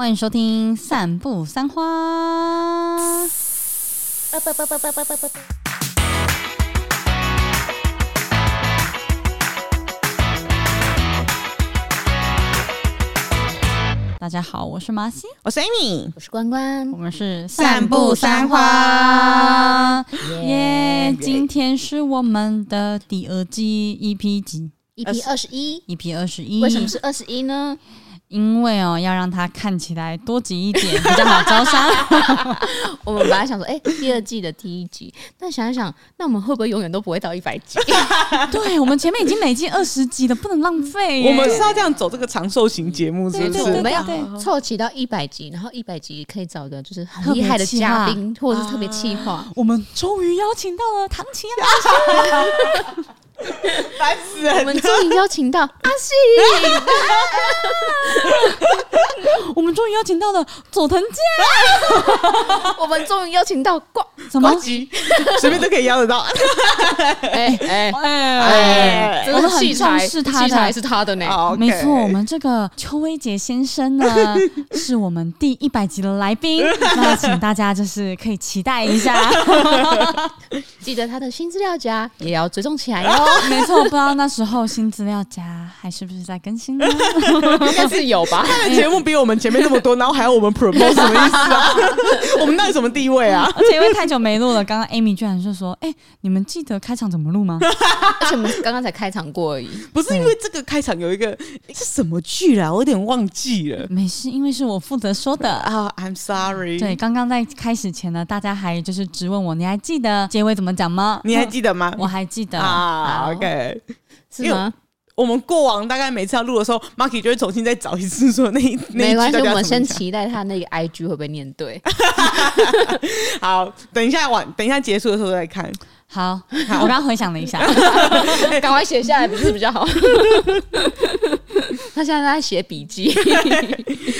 歡迎收聽《散步三花》。大家好，我是馬西，我是 Amy，我是關關，我們是《散步三花》。花 yeah. 耶，yeah. 今天是我們的第二季 EP 集 EP 二十一，EP 二十一，為什麼是二十一呢？因為哦，要讓它看起來多集一點，比較好招商。 我們本來想說，哎、欸，第二季的第一集，但想一想，那我們會不會永遠都不會到一百集？ 對，我們前面已經累計二十集了，不能浪費。我們是要這樣走這個長壽型節目，是不是？對對對對，我們要湊齊、啊、到一百集，然後一百集可以找個就是很厲害的嘉賓，或者是特別企劃。我們終於邀請到了唐琪啊！煩死！我們終於邀請到阿信、啊啊，啊、 我們終於邀請到了佐藤健、啊啊，啊、 我們終於邀請到呱什麼吉，隨便都可以邀得到。哎哎哎，我們很重視他的，還是他的呢、欸哦？Okay、沒錯，我們這個邱威杰先生呢， 是我們第一百集的來賓， 那請大家就是可以期待一下 記得他的新資料夾也要追蹤起來喲。沒錯，我不知道那時候新資料夾還是不是在更新呢？應該是有吧。他的 節目比我們前面那麼多，然後還要我們 propose，什麼意思啊？ 我們那有什麼地位啊、嗯？而且因為太久沒錄了，剛剛 Amy 居然就說：“哎、欸，你們記得開場怎麼錄嗎？”而且我們剛剛才開場過而已，不是因為這個開場有一個是什麼劇啦，我有點忘記了。沒事，因為是我負責說的啊。Oh, I'm sorry。對，剛剛在開始前呢，大家還就是質問我，你還記得結尾怎麼講嗎？你還記得嗎？我，我還記得啊。Uh. OK，是嗎？因為我們過往大概每次要錄的時候，Marky 就會重新再找一次，說那一，那一，沒關係，我們先期待他那個 IG 會不會念對 。 好，等一下晚，等一下結束的時候再看。好好，我剛剛回想了一下，趕 快寫下來不是比較好。 他現在他在寫筆記。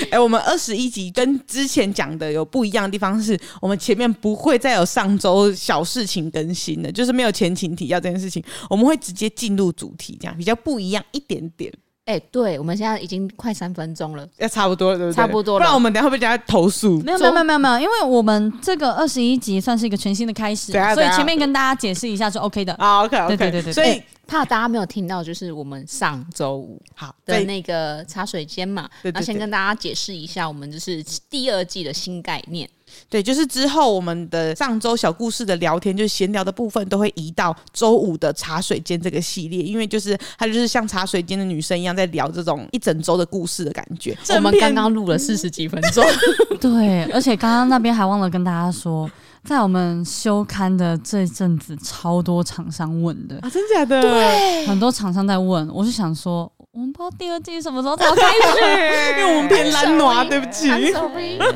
哎、欸，我們二十一集跟之前講的有不一樣的地方，是我們前面不會再有上周小事情更新了，就是沒有前情提要這件事情，我們會直接進入主題，這樣比較不一樣一點點。哎、欸，對我們現在已經快三分鐘了，要差不多，差不多了，對不對？差不多了，不然我們等下會不會被人家投訴？沒有沒有沒有沒有，因為我們這個二十一集算是一個全新的開始，所以前面跟大家解釋一下是 OK 的啊 OK OK 對對對對所以、欸、怕大家沒有聽到，就是我們上周五好對那個茶水間嘛對對對，那先跟大家解釋一下，我們就是第二季的新概念。對，就是之後，我們的上周小故事的聊天，就是閒聊的部分，都會移到周五的茶水間這個系列，因為就是它就是像茶水間的女生一樣，在聊這種一整周的故事的感覺。我們剛剛錄了四十幾分鐘， 對，而且剛剛那邊還忘了跟大家說，在我們休刊的這陣子，超多廠商問的啊，真的假的？對，很多廠商在問，我是想說。我們不知道第二季什麼時候才開始，因為我們偏懶惰對不起。Sorry 對，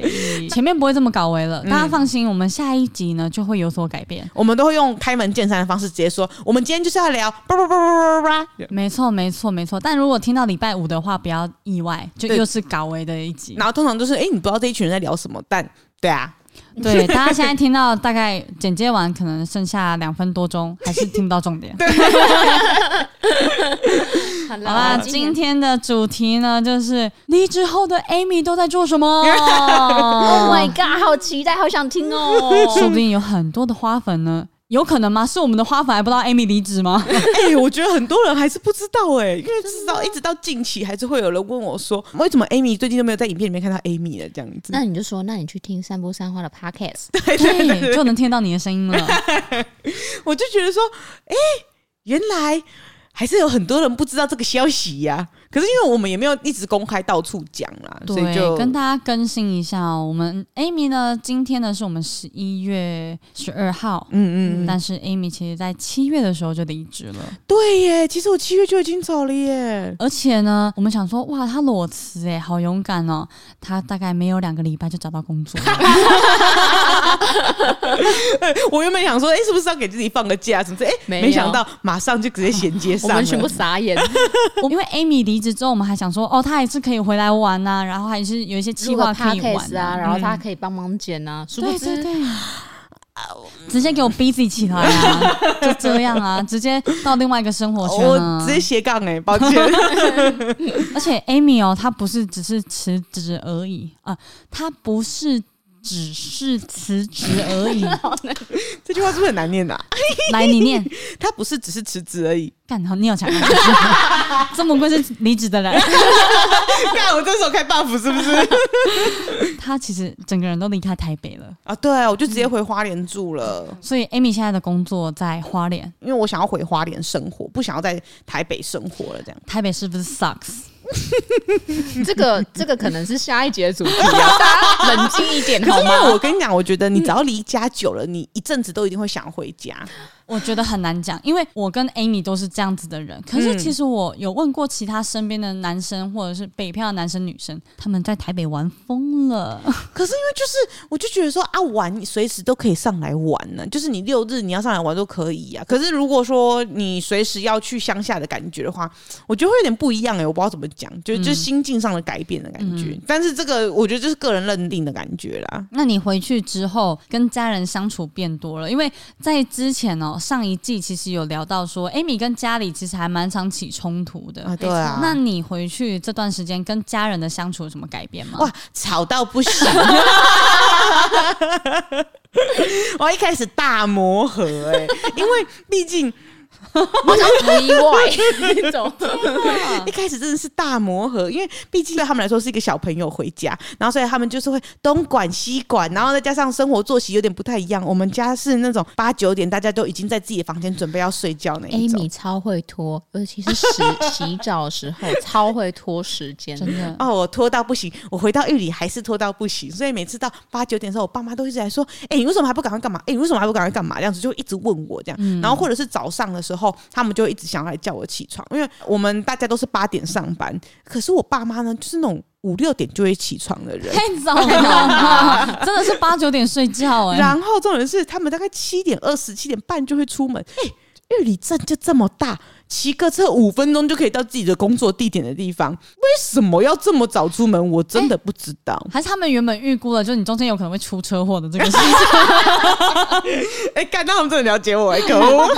對 前面不會這麼高維了，大家放心。嗯、我們下一集呢就會有所改變，我們都會用開門見山的方式直接說，我們今天就是要聊。吧吧吧吧吧吧吧，沒錯沒錯沒錯。但如果聽到禮拜五的話，不要意外，就又是高維的一集。然後通常都、就是，哎、欸，你不知道這一群人在聊什麼，但對啊。對，大家現在聽到大概剪接完，可能剩下兩分多鐘，還是聽不到重點。 好啦今，今天的主題呢，就是離職後的 Amy 都在做什麼。 Oh my god，好期待，好想聽哦。 說不定有很多的花粉呢。有可能嗎？是我們的花粉還不知道 Amy 離職嗎？哎、 欸，我覺得很多人還是不知道哎、欸，因為至少一直到近期還是會有人問我說，為什麼 Amy 最近都沒有在影片裡面看到 Amy 了這樣子。那你就說，那你去聽散步三花的 Podcast 對，對，就能聽到你的聲音了。 我就覺得說，哎、欸，原來。還是有很多人不知道這個消息呀、啊，可是因為我們也沒有一直公開到處講啦。所以就跟大家更新一下。我們 Amy 呢，今天呢是我們十一月十二號，嗯嗯，嗯，嗯，但是 Amy 其實在七月的時候就離職了。對耶，其實我七月就已經走了耶。而且呢，我們想說，哇，他裸辭哎、欸，好勇敢哦、喔！他大概沒有兩個禮拜就找到工作。 我原本想說，哎、欸，是不是要給自己放個假什麼？哎、欸，沒想到馬上就直接銜接上、啊，我們全部傻眼。 因為 Amy 離職之後，我們還想說，哦，他還是可以回來玩吶、啊，然後還是有一些計劃可以玩啊，可以啊，然後他可以幫忙剪啊。嗯、對對對,對、啊嗯，直接給我 busy 起來、啊，就這樣啊，直接到另外一個生活圈、啊、我直接斜槓哎、欸，抱歉。 而且 Amy 哦，他不是只是辭職而已啊，他不是。只是辭職而已， 這句話是不是很難念的？啊!來，你念。他不是只是辭職而已，幹，你後念起來， 這麼貴是離職的人。幹 我這時候開 buff 是不是？他其實整個人都離開台北了啊！對，我就直接回花蓮住了、嗯。所以，Amy 現在的工作在花蓮，因為我想要回花蓮生活，不想要在台北生活了。這樣，台北是不是 sucks？ 這個這個可能是下一集的主題啊， 大家冷靜一點 好嗎？因為我跟你講， 我覺得你只要離家久了，嗯、你一陣子都一定會想回家。我覺得很難講，因為我跟 Amy 都是這樣子的人。可是其實我有問過其他身邊的男生或者是北漂的男生女生，他們在台北玩瘋了。可是因為就是，我就覺得說啊，玩隨時都可以上來玩呢，啊，就是你六日你要上來玩都可以啊。可是如果說你隨時要去鄉下的感覺的話，我覺得會有點不一樣哎，欸，我不知道怎麼講，就，嗯，就心境上的改變的感覺，嗯。但是這個我覺得就是個人認定的感覺啦。那你回去之後跟家人相處變多了，因為在之前哦。上一季其實有聊到說，Amy 跟家裡其實還蠻常起衝突的、啊。對啊，那你回去這段時間跟家人的相處有什麼改變嗎？哇，吵到不行！ 我一開始大磨合，哎，因為畢竟。我想意外那種， 一開始真的是大磨合，因為畢竟對他們來說是一個小朋友回家，然後所以他們就是會東管西管，然後再加上生活作息有點不太一樣。我們家是那種八九點大家都已經在自己的房間準備要睡覺那一種。哎，你超會拖，尤其是洗洗澡的時候超會拖時間， 真的哦，我拖到不行，我回到玉里還是拖到不行，所以每次到八九點的時候，我爸媽都一直在說：“哎、欸，你為什麼還不趕快幹嘛？哎、欸，你為什麼還不趕快幹嘛？”這樣子就一直問我這樣，然後或者是早上的時候。然後他們就一直想要來叫我起床，因為我們大家都是八點上班，可是我爸媽呢，就是那種五六點就會起床的人，太早了， 真的是八九點睡覺哎、欸。然後重點是，他們大概七點二十、七點半就會出門。哎、欸，玉里鎮就這麼大。騎個車五分鐘就可以到自己的工作地點的地方，為什麼要這麼早出門？我真的不知道。欸、還是他們原本預估了，就是你中間有可能會出車禍的這個事。事 情、欸。哎，幹，到他們這麼了解我、欸，哎，可惡！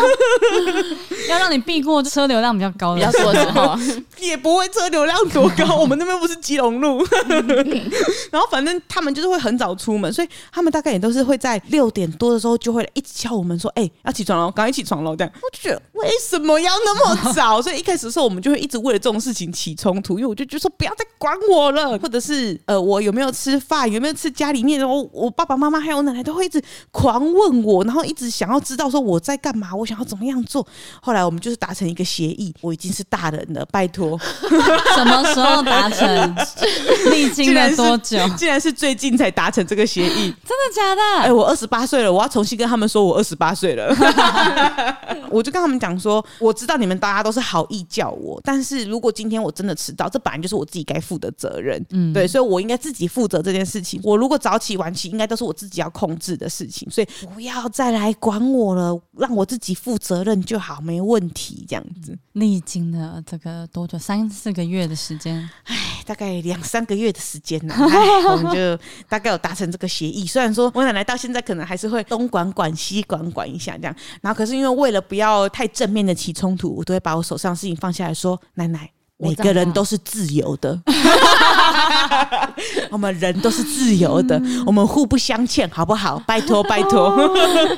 要讓你避過車流量比較高的。要說什麼？也不會車流量多高， 我們那邊不是基隆路。 然後反正他們就是會很早出門，所以他們大概也都是會在六點多的時候就會一直敲我們說：“哎、欸，要起床嘍，趕快起床嘍！”這樣。我去，為什麼要那麼？這麼早，所以一開始的時候，我們就會一直為了這種事情起衝突，因為我就覺得說不要再管我了，或者是呃，我有沒有吃飯，有沒有吃家裡面，我我爸爸媽媽還有我奶奶都會一直狂問我，然後一直想要知道說我在幹嘛，我想要怎麼樣做。後來我們就是達成一個協議，我已經是大人了，拜託。什麼時候達成？歷 經了多久？竟然，竟然是最近才達成這個協議，真的假的？哎、欸，我二十八歲了，我要重新跟他們說我二十八歲了， 我就跟他們講說，我知道你。你們大家都是好意叫我，但是如果今天我真的遲到，這本來就是我自己該負的責任，嗯，對，所以我應該自己負責這件事情。我如果早起晚起，應該都是我自己要控制的事情，所以不要再來管我了，讓我自己負責任就好，沒問題。這樣子，嗯，歷經了這個多久？三四個月的時間？哎，大概兩三個月的時間呢。 哎，我們就大概有達成這個協議，雖然說我奶奶到現在可能還是會東管管西管管一下這樣，然後可是因為為了不要太正面的起衝突。我都會把我手上的事情放下來說：“奶奶。”每個人都是自由的 我們人都是自由的，我們互不相欠，好不好？拜託拜託，哦！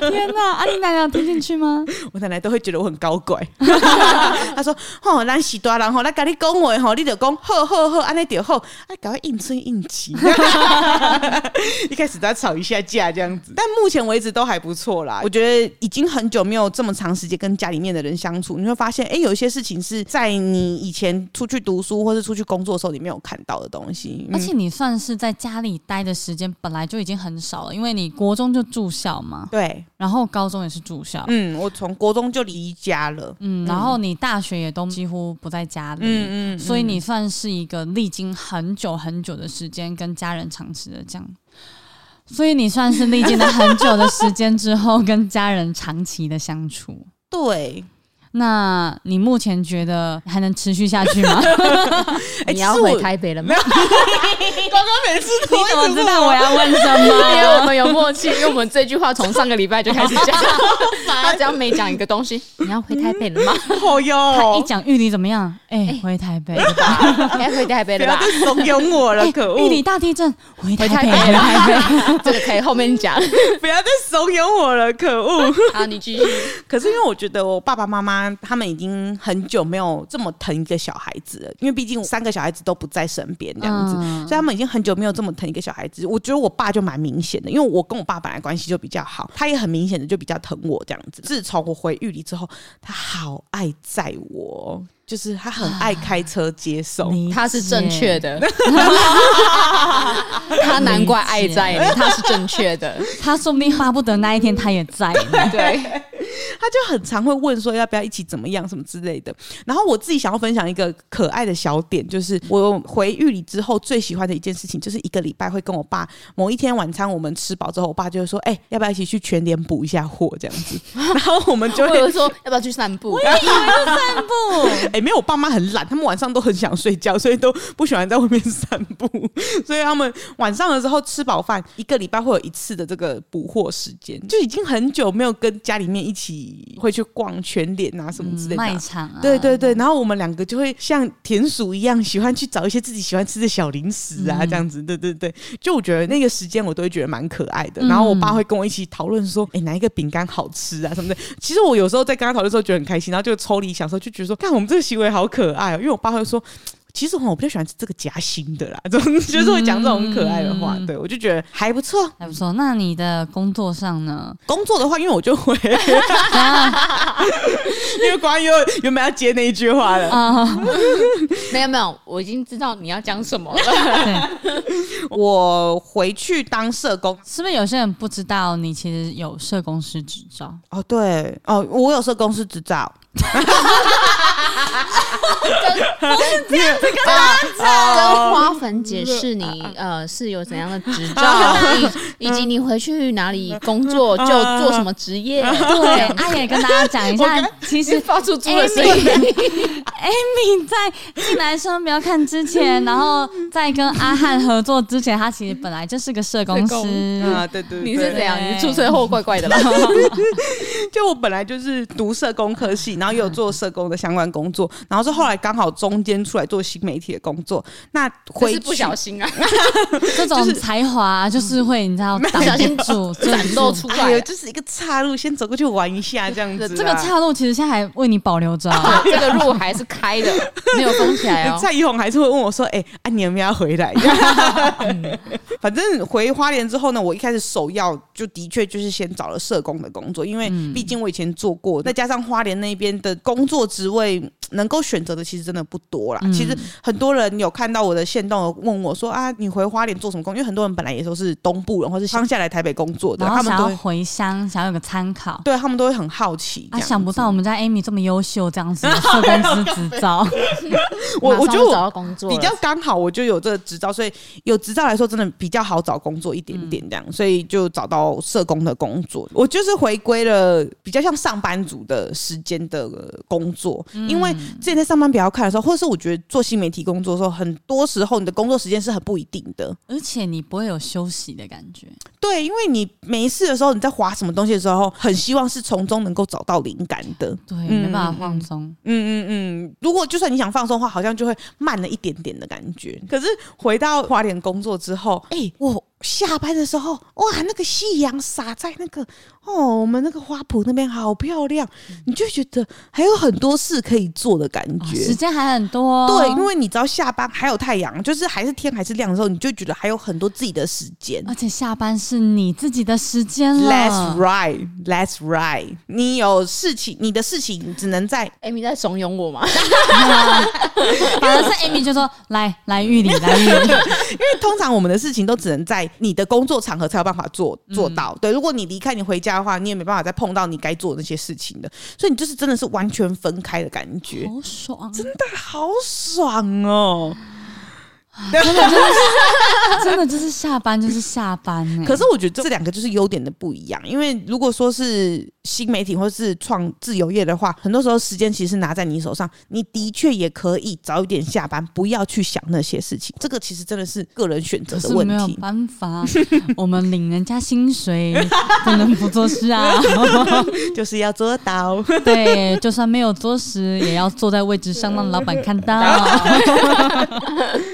天哪！啊，阿、啊、姨奶奶有聽進去嗎？我奶奶都會覺得我很搞怪， 她說：“哦，那喜多然後來跟你講我吼，你就講，呵呵呵，安那點後，哎，趕快應聲應氣，硬硬 一開始都要吵一下架這樣子， 但目前為止都還不錯啦。我覺得已經很久沒有這麼長時間跟家裡面的人相處，你會發現，哎、欸，有一些事情是在你以前。出去讀書或者出去工作的時候，你沒有看到的東西，嗯。而且你算是在家裡待的時間本來就已經很少了，因為你國中就住校嘛。對，然後高中也是住校。嗯，我從國中就離家了。嗯，然後你大學也都幾乎不在家裡。嗯嗯，嗯，嗯，所以你算是一個歷經很久很久的時間跟家人長期的這樣。所以你算是歷經了很久的時間之後跟家人長期的相處。 對。那你目前覺得還能持續下去嗎？欸、 你要回台北了嗎？剛剛每次你怎麼知道我要問什麼？ 我們有默契， 因為我們這句話從上個禮拜就開始講。他只要每講一個東西， 你要回台北了嗎？好、哦、喲！他一講玉里怎麼樣？哎、欸，回台北，該回台北了吧？哎、了吧慫恿我了！ 欸、可惡！玉里大地震，回台北，回台北，台北台北 這個可以後面講。不要再慫恿我了，可惡！ 好，你繼續。可是因為我覺得我爸爸媽媽。他們已經很久沒有這麼疼一個小孩子了，因為畢竟我三個小孩子都不在身邊這樣子，嗯，所以他們已經很久沒有這麼疼一個小孩子。我覺得我爸就蠻明顯的，因為我跟我爸本來關係就比較好，他也很明顯的就比較疼我這樣子。自從我回玉里之後，他好愛載我，就是他很愛開車接送。啊，他是正確的， 他難怪愛載我，他是正確的， 他說不定巴不得那一天他也在呢，對。對他就很常會問說要不要一起怎麼樣什麼之類的，然後我自己想要分享一個可愛的小點，就是我回玉里之後最喜歡的一件事情，就是一個禮拜會跟我爸某一天晚餐我們吃飽之後，我爸就會說：“哎，要不要一起去全聯補一下貨？”這樣子，然後我們就會 說：“要不要去散步？”我要散步，哎，沒有，我爸媽很懶，他們晚上都很想睡覺，所以都不喜歡在外面散步，所以他們晚上的時候吃飽飯，一個禮拜會有一次的這個補貨時間，就已經很久沒有跟家裡面一起。會去逛全聯啊，什麼之類的賣場，對對對。然後我們兩個就會像田鼠一樣，喜歡去找一些自己喜歡吃的小零食啊，這樣子，對對對。就我覺得那個時間，我都會覺得蠻可愛的。然後我爸會跟我一起討論說，哎，哪一個餅乾好吃啊什麼的。其實我有時候在跟他討論的時候，覺得很開心。然後就抽離小時候就覺得說，看我們這個行為好可愛哦、喔。因為我爸會說。其實我比較喜歡吃這個夾心的啦，就是會講這種很可愛的話，對，我就覺得還不錯，還不錯。那你的工作上呢？工作的話，因為我就回， 因為關於原本要接那一句話了、呃，沒有沒有，我已經知道你要講什麼了。 我回去當社工，是不是有些人不知道你其實有社工師執照？哦，對哦，我有社工師執照。哈哈哈哈哈！哈 跟、， 呃、跟花粉解釋你 呃是有怎樣的執照 以，以及你回去哪裡工作就做什麼職業 對。對，阿野、啊、跟大家講一下， 其實發出豬的聲音。Amy、欸欸欸、在進男生不要看之前，然後在跟阿漢合作之前，他 其實本來就是個社工師啊。對對對對，你是怎樣？你是出生後怪怪的吧 就我本來就是讀社工科系。然後又有做社工的相關工作，然後是後來剛好中間出來做新媒體的工作。那會不小心啊 、就是，這種才華就是會、嗯、你知道，不小心展露、嗯、出來、哎，就是一個岔路，先走過去玩一下這樣子、啊。這個岔路其實現在還為你保留着、啊，這個路還是開的， 沒有封起來、哦、蔡依紅還是會問我說：“哎、欸，啊，你有沒有要回來？” 反正回花蓮之後呢，我一開始首要就的確就是先找了社工的工作，因為畢竟我以前做過，嗯、再加上花蓮那邊。的工作職位能夠選擇的其實真的不多啦、嗯。其實很多人有看到我的限動，問我說：“啊，你回花蓮做什麼工？”因為很多人本來也都是東部人，或是鄉下來台北工作的，他們都回鄉，想要有個參考。對，他們都會很好奇。啊，想不到我們家 Amy 這麼優秀，這樣子的。社工師執照。啊、哎、我 我覺得我，就 我就比較剛好，我就有這個執照，所以有執照來說，真的比較好找工作一點點這樣、嗯，所以就找到社工的工作。我就是回歸了比較像上班族的時間的的工作，因為之前在上班比較快的時候，或者是我覺得做新媒體工作的時候，很多時候你的工作時間是很不一定的，而且你不會有休息的感覺。對，因為你沒事的時候，你在滑什麼東西的時候，很希望是從中能夠找到靈感的。對，沒辦法放鬆。嗯嗯嗯，嗯，如果就算你想放鬆的話，好像就會慢了一點點的感覺。可是回到花蓮工作之後，哎、欸、我。下班的時候，哇，那個夕陽灑在那個哦，我們那個花圃那邊好漂亮，嗯、你就覺得還有很多事可以做的感覺，哦、時間還很多、哦。對，因為你知道下班還有太陽，就是還是天還是亮的時候，你就覺得還有很多自己的時間，而且下班是你自己的時間了。Let's ride, let's ride。你有事情，你的事情只能在 Amy、欸、在慫恿我嗎？ 啊、反正是 Amy 就說來來玉里來玉里， 因為通常我們的事情都只能在。你的工作場合才有辦法做做到，嗯、對。如果你離開，你回家的話，你也沒辦法再碰到你該做的那些事情的。所以你就是真的是完全分開的感覺，好爽，哦，真的好爽哦。啊，真的，真的是，真的就是下班就是下班呢，欸。可是我覺得這兩個就是優點的不一樣，因為如果說是新媒體或是創自由業的話，很多時候時間其實拿在你手上，你的確也可以早一點下班，不要去想那些事情。這個其實真的是個人選擇的問題。沒有辦法，我們領人家薪水，不 能不做事啊， 就是要做到。對，就算沒有做事，也要坐在位置上讓老板看到。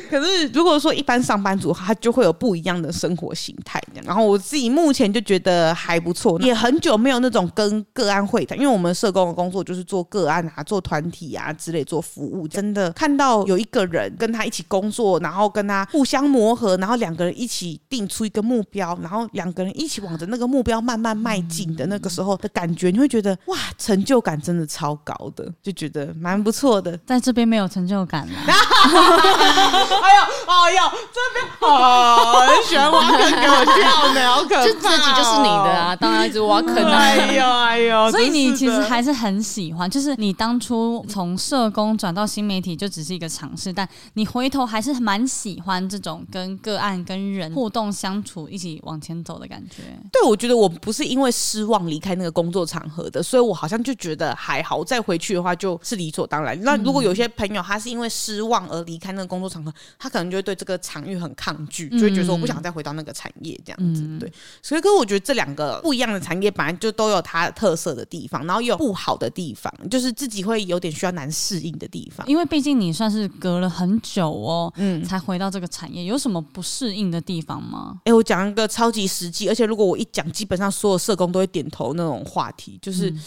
可是。如果說一般上班族，他就會有不一樣的生活形態。然後我自己目前就覺得還不錯，也很久沒有那種跟個案會談，因為我們社工的工作就是做個案啊、做團體啊之類做服務。真的看到有一個人跟他一起工作，然後跟他互相磨合，然後兩個人一起定出一個目標，然後兩個人一起往着那個目標慢慢邁進的那個時候的感覺，你會覺得哇，成就感真的超高的，就覺得蠻不錯的。在這邊沒有成就感了，啊。 哎呦哎、哦、呦，這邊好、哦、很喜歡，我很搞笑的， 好可愛、哦、就自己就是你的啊， 當然就是我可愛哎呦哎呦。所以你其實還是很喜歡，是就是你當初從社工轉到新媒體，就只是一個嘗試，但你回頭還是蠻喜歡這種跟個案、跟人互動、相處、一起往前走的感覺。對，我覺得我不是因為失望離開那個工作場合的，所以我好像就覺得還好，再回去的話就是理所當然。那如果有些朋友他是因為失望而離開那個工作場合，嗯，他他可能就會對這個場域很抗拒，就會覺得說我不想再回到那個產業這樣子，嗯、對。所以，可我覺得這兩個不一樣的產業本來就都有它的特色的地方，然後有不好的地方，就是自己會有點需要難適應的地方。因為畢竟你算是隔了很久哦，嗯，才回到這個產業，有什麼不適應的地方嗎？哎、欸，我講一個超級實際，而且如果我一講，基本上所有社工都會點頭那種話題，就是。嗯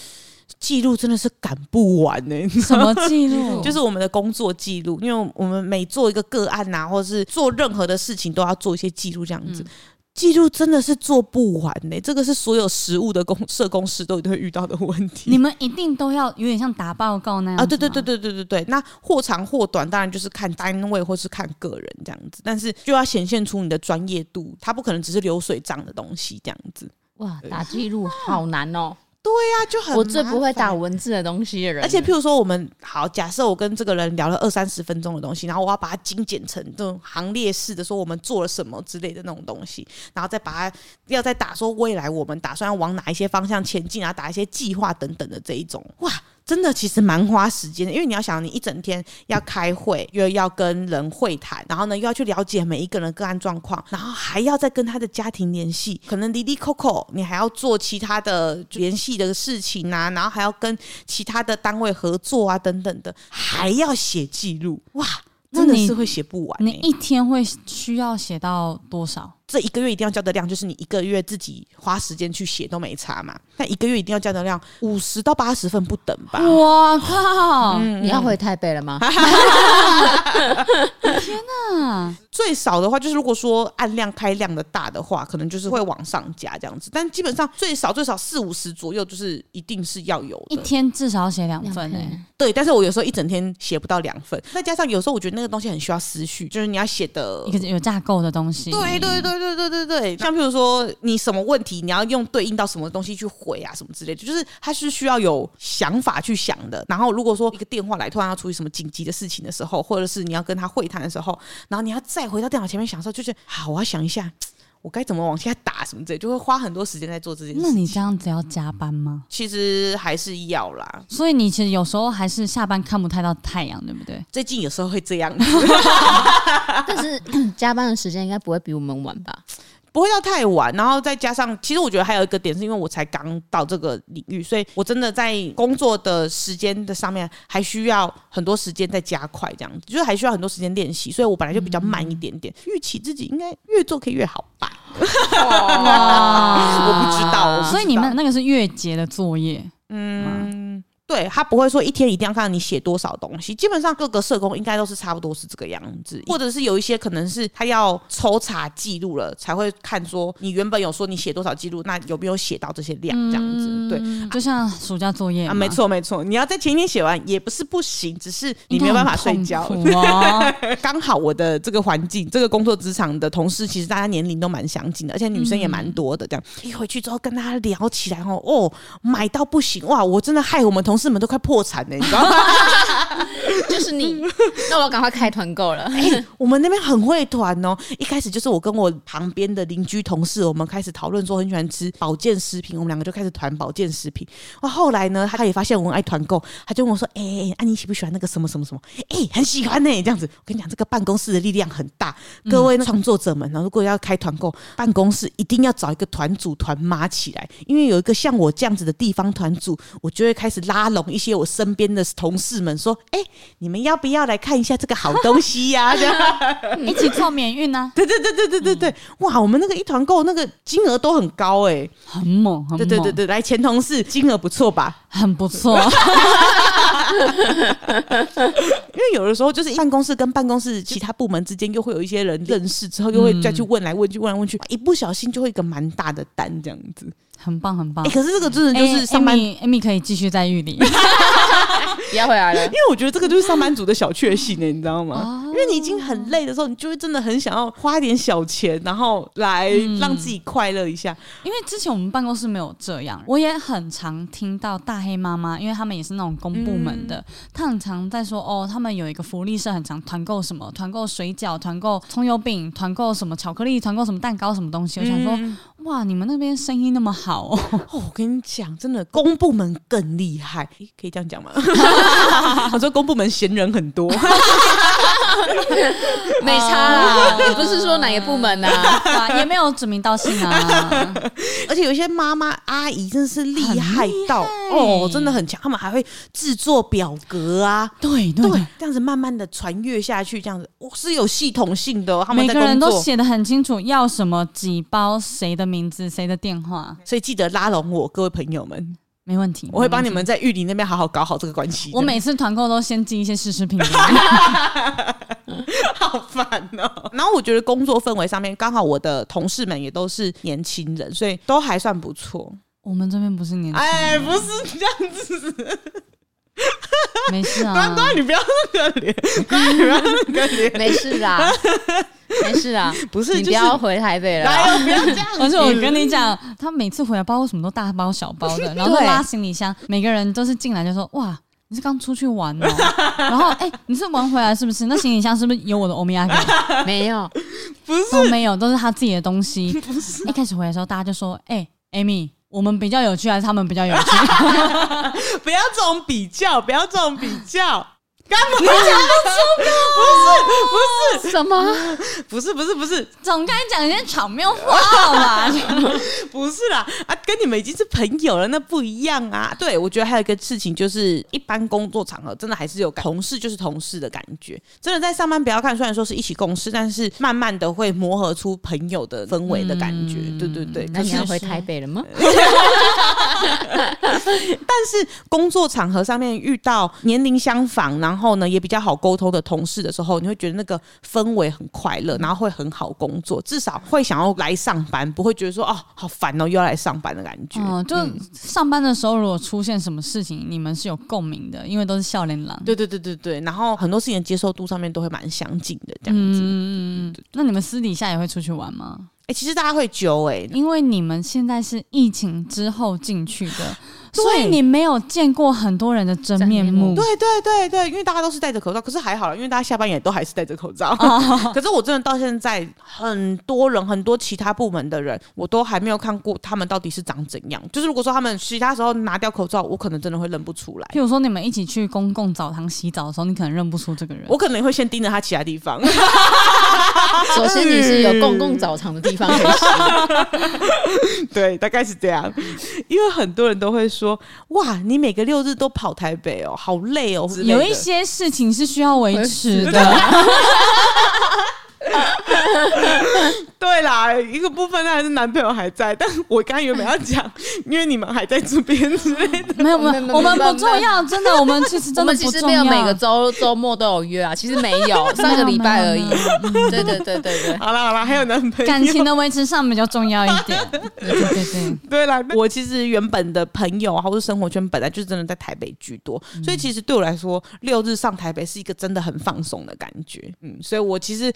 記錄真的是趕不完呢、欸。什麼記錄？ 就是我們的工作記錄，因為我們每做一個個案啊，或是做任何的事情，都要做一些記錄，這樣子、嗯。記錄真的是做不完呢、欸。這個是所有實務的社工師都一定會遇到的問題。你們一定都要有點像打報告那樣啊？對對對對對對對。那或長或短，當然就是看單位或是看個人這樣子，但是就要顯現出你的專業度，它不可能只是流水賬的東西這樣子。哇，打記錄好難哦、喔。 對呀、啊，就很我最不會打文字的東西的人，而且譬如說我們好，假設我跟這個人聊了二三十分鐘的東西，然後我要把它精簡成這種行列式的說我們做了什麼之類的那種東西，然後再把它要再打說未來我們打算要往哪一些方向前進啊，打一些計劃等等的這一種哇。真的其實蠻花時間的，因為你要想，你一整天要開會，又要跟人會談，然後呢又要去了解每一個人個案狀況，然後還要再跟他的家庭聯繫，可能哩哩扣扣，你還要做其他的聯繫的事情啊，然後還要跟其他的單位合作啊，等等的，還要寫記錄，哇，真的是會寫不完，欸你，你一天會需要寫到多少？這一個月一定要交的量，就是你一個月自己花時間去寫都沒差嘛。但一個月一定要交的量，五十到八十份不等吧。我靠、嗯！你要回台北了嗎？ 天哪！最少的話，就是如果說按量開量的大的話，可能就是會往上加這樣子。但基本上最少最少四五十左右，就是一定是要有的。一天至少要寫兩份呢。對，但是我有時候一整天寫不到兩份，再加上有時候我覺得那個東西很需要思緒，就是你要寫的，有架構的東西。對對對對。對對對對，像譬如說，你什麼問題，你要用對應到什麼東西去回啊，什麼之類的，就是他是需要有想法去想的。然後如果說一個電話來，突然要處理什麼緊急的事情的時候，或者是你要跟他會談的時候，然後你要再回到電腦前面想的時候，就是好，我要想一下。我該怎麼往下打什麼之類，就會花很多時間在做這件事情。那你這樣子要加班嗎？嗯，其實還是要啦。所以你其實有時候還是下班看不太到太陽，對不對？最近有時候會這樣。 但是咳咳加班的時間應該不會比我們晚吧？不會到太晚，然後再加上，其實我覺得還有一個點，是因為我才剛到這個領域，所以我真的在工作的時間的上面還需要很多時間再加快，這樣，就是還需要很多時間練習，所以我本來就比較慢一點點。嗯、預期自己應該越做可以越好吧 我不知道，所以你們那個是月結的作業，嗯。對，他不會說，一天一定要看到你寫多少東西，基本上各個社工應該都是差不多是這個樣子，或者是有一些可能是他要抽查記錄了才會看，說你原本有說你寫多少記錄，那有沒有寫到這些量、嗯、這樣子？對，就像暑假作業啊，啊，沒錯沒錯，你要在前一天寫完也不是不行，只是你沒有辦法睡覺。啊、 剛好我的這個環境，這個工作職場的同事其實大家年齡都蠻相近的，而且女生也蠻多的，嗯、這樣一、欸、回去之後跟大家聊起來，哦哦，買到不行哇，我真的害我們同。是們都快破產嘞、欸！你知道嗎 就是你，那 我要趕快開團購了、欸。我們那邊很會團哦。一開始就是我跟我旁邊的鄰居同事，我們開始討論說很喜歡吃保健食品，我們兩個就開始團保健食品。那後來呢，他也發現我們愛團購，他就問我說：“哎、欸，哎、啊，你喜不喜歡那個什麼什麼什麼？哎、欸，很喜歡呢、欸。”這樣子，我跟你講，這個辦公室的力量很大。各位創作者們，如果要開團購，辦公室一定要找一個團組團媽起來，因為有一個像我這樣子的地方團組，我就會開始拉。攏一些我身邊的同事們說：“哎、欸，你們要不要來看一下這個好東西呀、啊？呵呵一起做免運呢、啊？對對對對對對對、嗯！哇，我們那個一團購那個金額都很高哎、欸，很猛，很猛！對對對對，來前同事金額不錯吧？很不錯， 因為有的時候就是辦公室跟辦公室其他部門之間，又會有一些人認識之後，又會再去問來問去問來問去，嗯、一不小心就會一個蠻大的單這樣子。”很棒很棒！哎、欸，可是這個真的就是就是，艾、欸、Amy、欸欸、可以繼續在獄裡，不要回來了。因為我覺得這個就是上班族的小確幸呢、欸，你知道嗎、哦？因為你已經很累的時候，你就會真的很想要花一點小錢，然後來讓自己快樂一下、嗯。因為之前我們辦公室沒有這樣，我也很常聽到大黑媽媽，因為他們也是那種公部門的、嗯，他很常在說哦，他們有一個福利社很常團購什麼，團購水餃，團購蔥油餅，團購什麼巧克力，團購什麼蛋糕，什麼東西。我想說，嗯、哇，你們那邊生意那麼好！好哦，哦，我跟你講，真的，公部門更厲害、欸，可以這樣講嗎？ 我說公部門閒人很多， 沒差啊。也不是說哪個部門啊 ，也沒有指名道姓啊。而且有些媽媽阿姨真的是厲害，厲害到哦，真的很強，他們還會製作表格啊，對對，對，對，這樣子慢慢的傳閱下去，這樣子、哦、是有系統性的、哦，每個人都寫得很清楚，要什麼幾包誰的名字誰的電話記得拉攏我，各位朋友們，沒問題，我會幫你們在玉里那邊好好搞好這個關係。我每次團購都先進一些試吃品 好煩哦、喔。然後我覺得工作氛圍上面，剛好我的同事們也都是年輕人，所以都還算不錯。我們這邊不是年輕人，哎，不是這樣子， 沒事啊，乖你不要那麼臉， 你不要那麼臉，沒事啊。 沒、欸、事啊，不是，你不要回台北了。不、就是，不 而且我跟你講，他每次回來，包括什麼都大包小包的，然後他拉行李箱，每個人都是進來就說：“哇，你是剛出去玩哦、喔。 ”然後哎、欸，你是玩回來是不是？那行李箱是不是有我的歐米亞給？ 沒有，不是都沒有，都是他自己的東西、啊。一開始回來的時候，大家就說：“哎、欸，Amy，我們比較有趣還是他們比較有趣？ 不要這種比較，不要這種比較。”幹嘛、啊？你講不出口、啊？ 不是，不是什麼？不是，不是，不是，總該講一些場面話吧？不是啦，啊，跟你們已經是朋友了，那不一樣啊。對，我覺得還有一個事情就是，一般工作場合真的還是有同事就是同事的感覺。真的在上班不要看，雖然說是一起共事，但是慢慢的會磨合出朋友的氛圍的感覺。嗯、對對對。那你要回台北了嗎？ 但是工作場合上面遇到年齡相仿，然後。然後呢，也比較好溝通的同事的時候，你會覺得那個氛圍很快樂，然後會很好工作，至少會想要來上班，不會覺得說哦好煩哦又要來上班的感覺。哦、嗯，就上班的時候如果出現什麼事情，你們是有共鳴的，因為都是笑臉狼，對對對對對，然後很多事情的接受度上面都會蠻相近的這樣子。嗯嗯嗯。那你們私底下也會出去玩嗎？哎、欸，其實大家會揪哎、欸，因為你們現在是疫情之後進去的。 所以，所以你沒有見過很多人的真面目，對對對對，因為大家都是戴着口罩，可是還好啦，因為大家下班也都還是戴着口罩、哦。可是我真的到現在，很多人，很多其他部門的人，我都還沒有看過他們到底是長怎樣。就是如果說他們其他時候拿掉口罩，我可能真的會認不出來。譬如說你們一起去公共澡堂洗澡的時候，你可能認不出這個人，我可能會先盯着他其他地方。 首先，你是有公共澡堂的地方可以洗的， 對，大概是這樣，因為很多人都會說。說哇，你每個六日都跑台北哦，好累哦。有一些事情是需要維持的。 對啦，一個部分呢還是男朋友還在，但是我剛原本要講，因為你們還在這邊之類的， 沒有沒有我,我們不重要，真的，我們其實真的不重要， 我們其實沒有每個周周末都有約啊，其實沒有 上個禮拜而已、 嗯。對對對對對，好啦好啦，還有男朋友感情的維持上比較重要一點。 對,對對對，對啦對，我其實原本的朋友啊，或是生活圈本來就真的在台北居多，所以其實對我來說，嗯、六日上台北是一個真的很放鬆的感覺。嗯，所以我其實。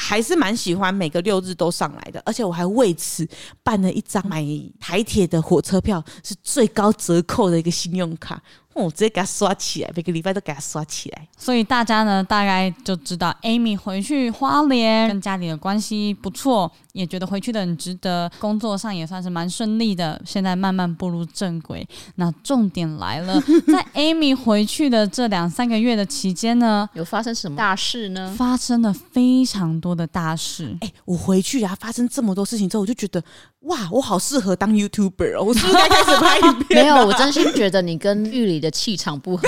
還是蠻喜歡每個六日都上來的，而且我還為此辦了一張買台鐵的火車票，是最高折扣的一個信用卡。我直接給他刷起來，每個禮拜都給他刷起來。所以大家呢，大概就知道 Amy 回去花蓮跟家裡的關係不錯，也覺得回去的很值得。工作上也算是蠻順利的，現在慢慢步入正軌。那重點來了，在 Amy 回去的這兩三個月的期間呢， 有發生什麼大事呢？發生了非常多的大事。哎，我回去啊，發生這麼多事情之後，我就覺得哇，我好適合當 YouTuber 哦！我是不是該開始拍影片啊？ 沒有，我真心覺得你跟玉里的。氣場不合，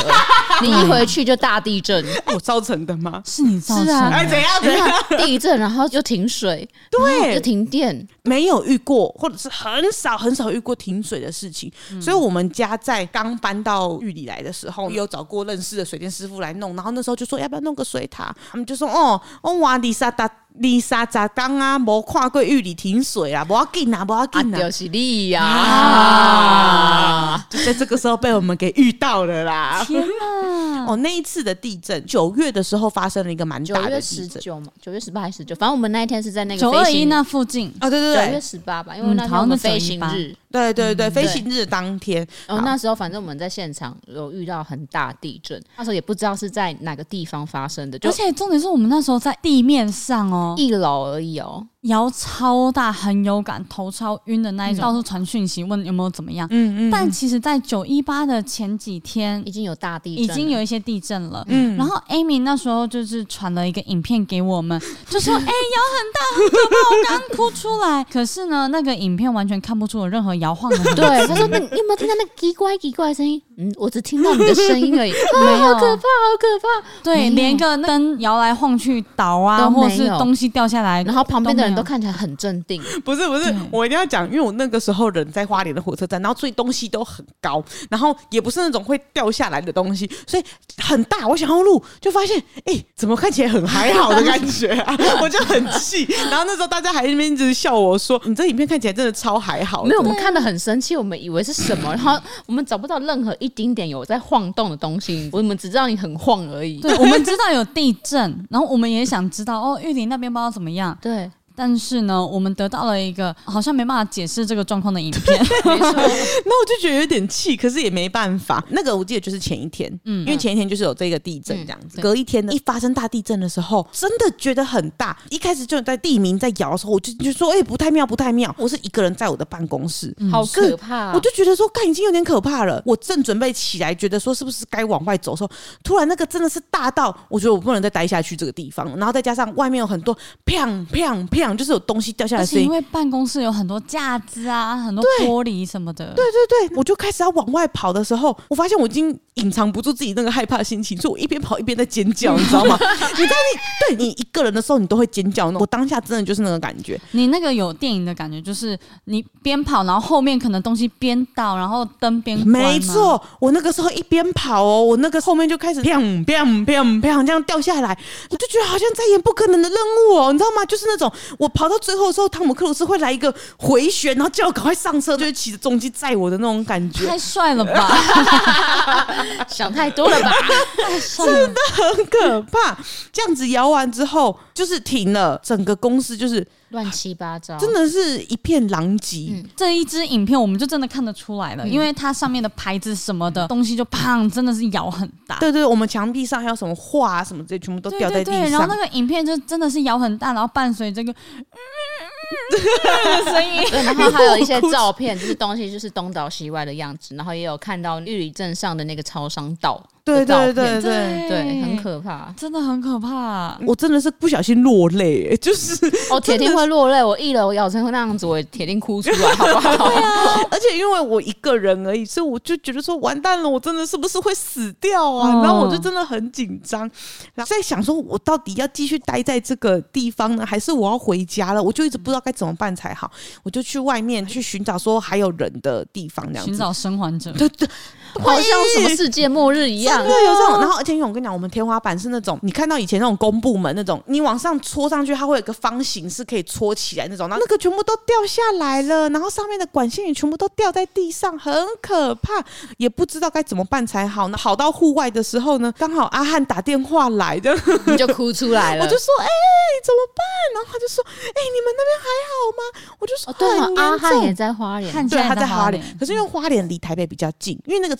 你一回去就大地震。嗯，我造成的嗎？是你造成的？是啊。哎，怎樣？地震，然後就停水，對，就停電。沒有遇過，或者是很少很少遇過停水的事情、嗯，所以我們家在剛搬到玉里來的時候，也有找過認識的水電師傅來弄，然後那時候就說要不要弄個水塔，他們就說哦，我哇麗莎達麗莎扎當啊，沒跨過玉里停水啦，不要緊啊，不要緊啊，掉水裡啊，就是、啊啊 在這個時候被我們給遇到了啦！ 天、啊、哦，那一次的地震，九月的時候發生了一個蠻大的地震，九月十九嘛，九月十八還是十九，反正我們那一天是在那個九二一那附近啊、哦，對對，對。九月十八吧，因為好像是飛行日。嗯、對對對、嗯，飛行日當天。然後、哦、那時候反正我們在現場有遇到很大地震，那時候也不知道是在哪個地方發生的，而且重點是我們那時候在地面上哦，一樓而已哦。搖超大，很有感，頭超暈的那一種，嗯、到處傳訊息問有沒有怎麼樣。嗯嗯。但其實，在九一八的前幾天，已經有大地震。已經有一些地震了。嗯。然後 Amy 那時候就是傳了一個影片給我們，嗯、就說：“哎、欸，搖很大，好可怕，我剛哭出來。 ”可是呢，那個影片完全看不出有任何搖晃的。對，他說那：“那你有沒有聽到那個奇怪奇怪的聲音？”嗯，我只聽到你的聲音而已。哎、 啊，好可怕，好可怕。對，連一個燈搖來晃去倒啊，或者是東西掉下來，然後旁邊的。都看起來很鎮定，不是不是，我一定要講，因為我那個時候人在花蓮的火車站，然後所以東西都很高，然後也不是那種會掉下來的東西，所以很大。我想要錄，就發現哎、欸，怎麼看起來很還好的感覺啊？我就很氣。然後那時候大家還一直笑我說：“你這影片看起來真的超還好。”沒有，我們看得很生氣，我們以為是什麼，然後我們找不到任何一丁點有在晃動的東西， 我們只知道你很晃而已。對，我們知道有地震，然後我們也想知道哦，玉里那邊不知道怎麼樣。對。但是呢，我們得到了一個好像沒辦法解釋這個狀況的影片，那我就覺得有點氣，可是也沒辦法。那個我記得就是前一天，嗯，因為前一天就是有這個地震這樣子。嗯、隔一天呢、嗯，一發生大地震的時候，真的覺得很大。一開始就在地鳴、在搖的時候，我就就說：“哎、欸，不太妙，不太妙。”我是一個人在我的辦公室，好、嗯、可怕。我就覺得說：“幹已經有點可怕了。”我正準備起來，覺得說，是不是該往外走的時候，突然那個真的是大到我覺得我不能再待下去這個地方。然後再加上外面有很多啪啪啪這樣就是有東西掉下來，是因為辦公室有很多架子啊，很多玻璃什麼的。對對對，對，我就開始要往外跑的時候，我發現我已經隱藏不住自己那個害怕的心情，所以我一邊跑一邊在尖叫，你知道嗎？ 你知道你，對你一個人的時候，你都會尖叫。我當下真的就是那種感覺，你那個有電影的感覺，就是你邊跑，然後後面可能東西邊倒，然後燈邊關。沒錯，我那個時候一邊跑哦，我那個後面就開始亮亮亮亮這樣掉下來，我就覺得好像在演不可能的任務哦，你知道嗎？就是那種。我跑到最後的時候，湯姆克魯斯會來一個迴旋，然後叫我趕快上車，就會騎着重機載我的那種感覺，太帥了吧？ 想太多了吧 太帥了。真的很可怕。這樣子搖完之後，就是停了，整個公司就是亂七八糟，真的是一片狼藉，嗯。這一支影片我們就真的看得出來了，嗯、因為它上面的牌子什麼的東西就砰，真的是搖很大。對對、對、對，我們牆壁上還有什麼畫、啊、什麼這些，全部都掉在地上。然後那個影片就真的是搖很大，然後伴隨這個。嗯，聲音， 然後還有一些照片，就是東西，就是東倒西歪的樣子，然後也有看到玉里鎮上的那個超商道。對對對對對，對，很可怕，真的很可怕啊。我真的是不小心落淚欸，就是哦，鐵定會落淚。 我一樓我咬成會那樣子，我鐵定哭出來， 好不好？對、啊，而且因為我一個人而已，所以我就覺得說，完蛋了，我真的是不是會死掉啊？嗯，然後我就真的很緊張，然後在想說，我到底要繼續待在這個地方呢，還是我要回家了？我就一直不知道該怎麼辦才好。我就去外面去尋找說還有人的地方，那樣子尋找生還者。對對。好像什麼世界末日一樣，對，有這種。然後而且因為，我跟你講，我們天花板是那種你看到以前那種公部門那種，你往上戳上去，它會有個方形，是可以戳起來那種。那那個全部都掉下來了，然後上面的管線也全部都掉在地上，很可怕，也不知道該怎麼辦才好呢。跑到戶外的時候呢，剛好阿漢打電話來的，你就哭出來了。 我就說：“哎、欸，怎麼辦？”然後他就說：“哎、欸，你們那邊還好嗎？”我就說：“哦、對、啊，阿漢也在花蓮，看起來他在花蓮、嗯。可是因為花蓮離台北比較近，因為那個。”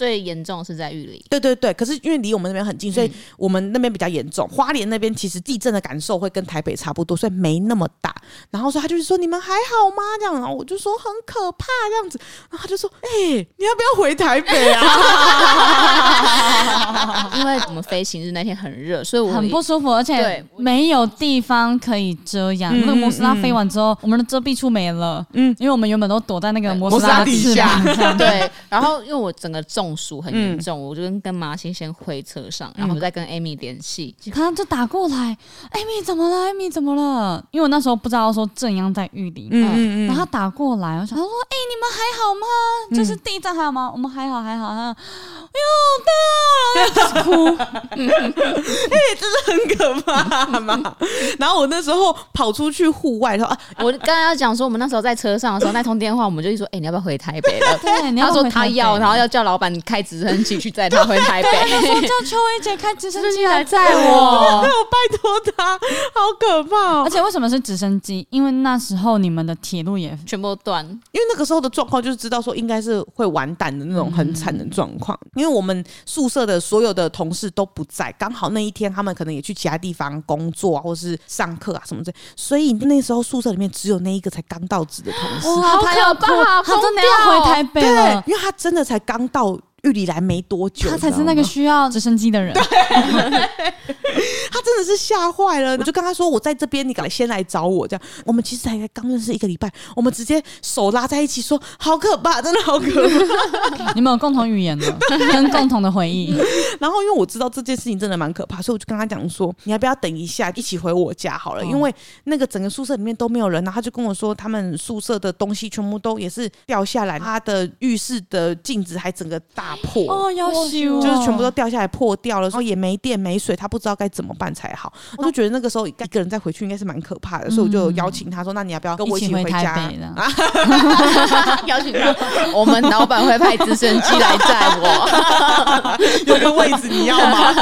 最嚴重是在玉里。對對對，可是因為離我們那邊很近，所以我們那邊比較嚴重。花蓮那邊其實地震的感受會跟台北差不多，所以沒那麼大。然後說他就是說你們還好嗎？這樣，然後我就說很可怕這樣子。然後他就說，哎、欸，你要不要回台北啊？ 因為我們飛行日那天很熱，所以我很不舒服，而且沒有地方可以遮陽。那個、嗯、摩斯拉飛完之後、嗯，我們的遮蔽處沒了。嗯，因為我們原本都躲在那個摩斯拉，地下摩斯拉底下。 對，然後因為我整個重。很嚴重、嗯，我就跟馬欣先回車上，嗯、然後再跟艾米聯繫。嗯、就他就打過來，艾米怎麼了？艾米怎麼了？因為我那時候不知道說正央在玉里，嗯嗯嗯，然後他打過來，我想、嗯、他說：“哎、欸，你們還好嗎？就、嗯、是第一站還好嗎？我們還好，還好。”他，哎呦，他哭，哎、 嗯，真、欸、的很可怕嘛、嗯嗯。然後我那時候跑出去戶外，他、嗯、話、嗯、我剛剛要講說，我們那時候在車上的時候，那 通電話，我們就一說：‘哎、欸，你要不要回台北，他說他要， 然後要叫老闆。”開直升機去載他回台北， 我叫秋薇姐開直升機來載我，我拜托他，好可怕！而且為什麼是直升機？因為那時候你們的鐵路也全部都斷，因為那個時候的狀況就是知道說應該是會完蛋的那種很慘的狀況、嗯。因為我們宿舍的所有的同事都不在，剛好那一天他們可能也去其他地方工作啊，或是上課啊什麼之類的，所以那時候宿舍裡面只有那一個才剛到職的同事，哦、好可怕、啊，真的要回台北對，因為他真的才剛到。玉里來沒多久，他才是那個需要直升機的人。 他真的是嚇壞了。我就跟他說：“我在這邊，你趕快先來找我。”這樣，我們其實才剛認識一個禮拜，我們直接手拉在一起說：“好可怕，真的好可怕！” 你們有共同語言嗎？跟共同的回憶、嗯。然後，因為我知道這件事情真的蠻可怕，所以我就跟他講說：“你要不要等一下一起回我家好了、哦？”因為那個整個宿舍裡面都沒有人，然後他就跟我說：“他們宿舍的東西全部都也是掉下來，他的浴室的鏡子還整個大。破哦，要修，就是全部都掉下來破掉了。哦、然後也沒電沒水，他不知道該怎麼辦才好。我就覺得那個時候一個人再回去應該是蠻可怕的，嗯、所以我就邀請他說、嗯：“那你要不要跟我一起回家？”邀請他，我們老闆會派直升機來載我， 有個位置你要嗎？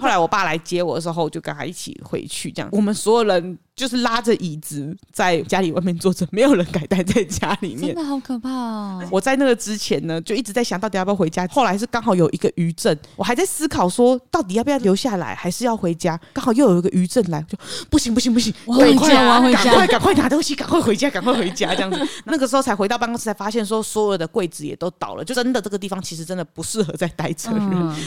後來我爸來接我的時候，就跟他一起回去，這樣我們所有人。就是拉着椅子在家裡外面坐着，沒有人敢待在家裡面，真的好可怕哦！我在那個之前呢，就一直在想到底要不要回家。後來是剛好有一個餘震，我還在思考說到底要不要留下來，還是要回家。剛好又有一個餘震來，就不行不行不行，我回家回家，趕快趕快，快，快拿東西，趕快回家趕快回家這樣子。那個時候才回到辦公室，才發現說所有的櫃子也都倒了，就真的這個地方其實真的不適合再待着。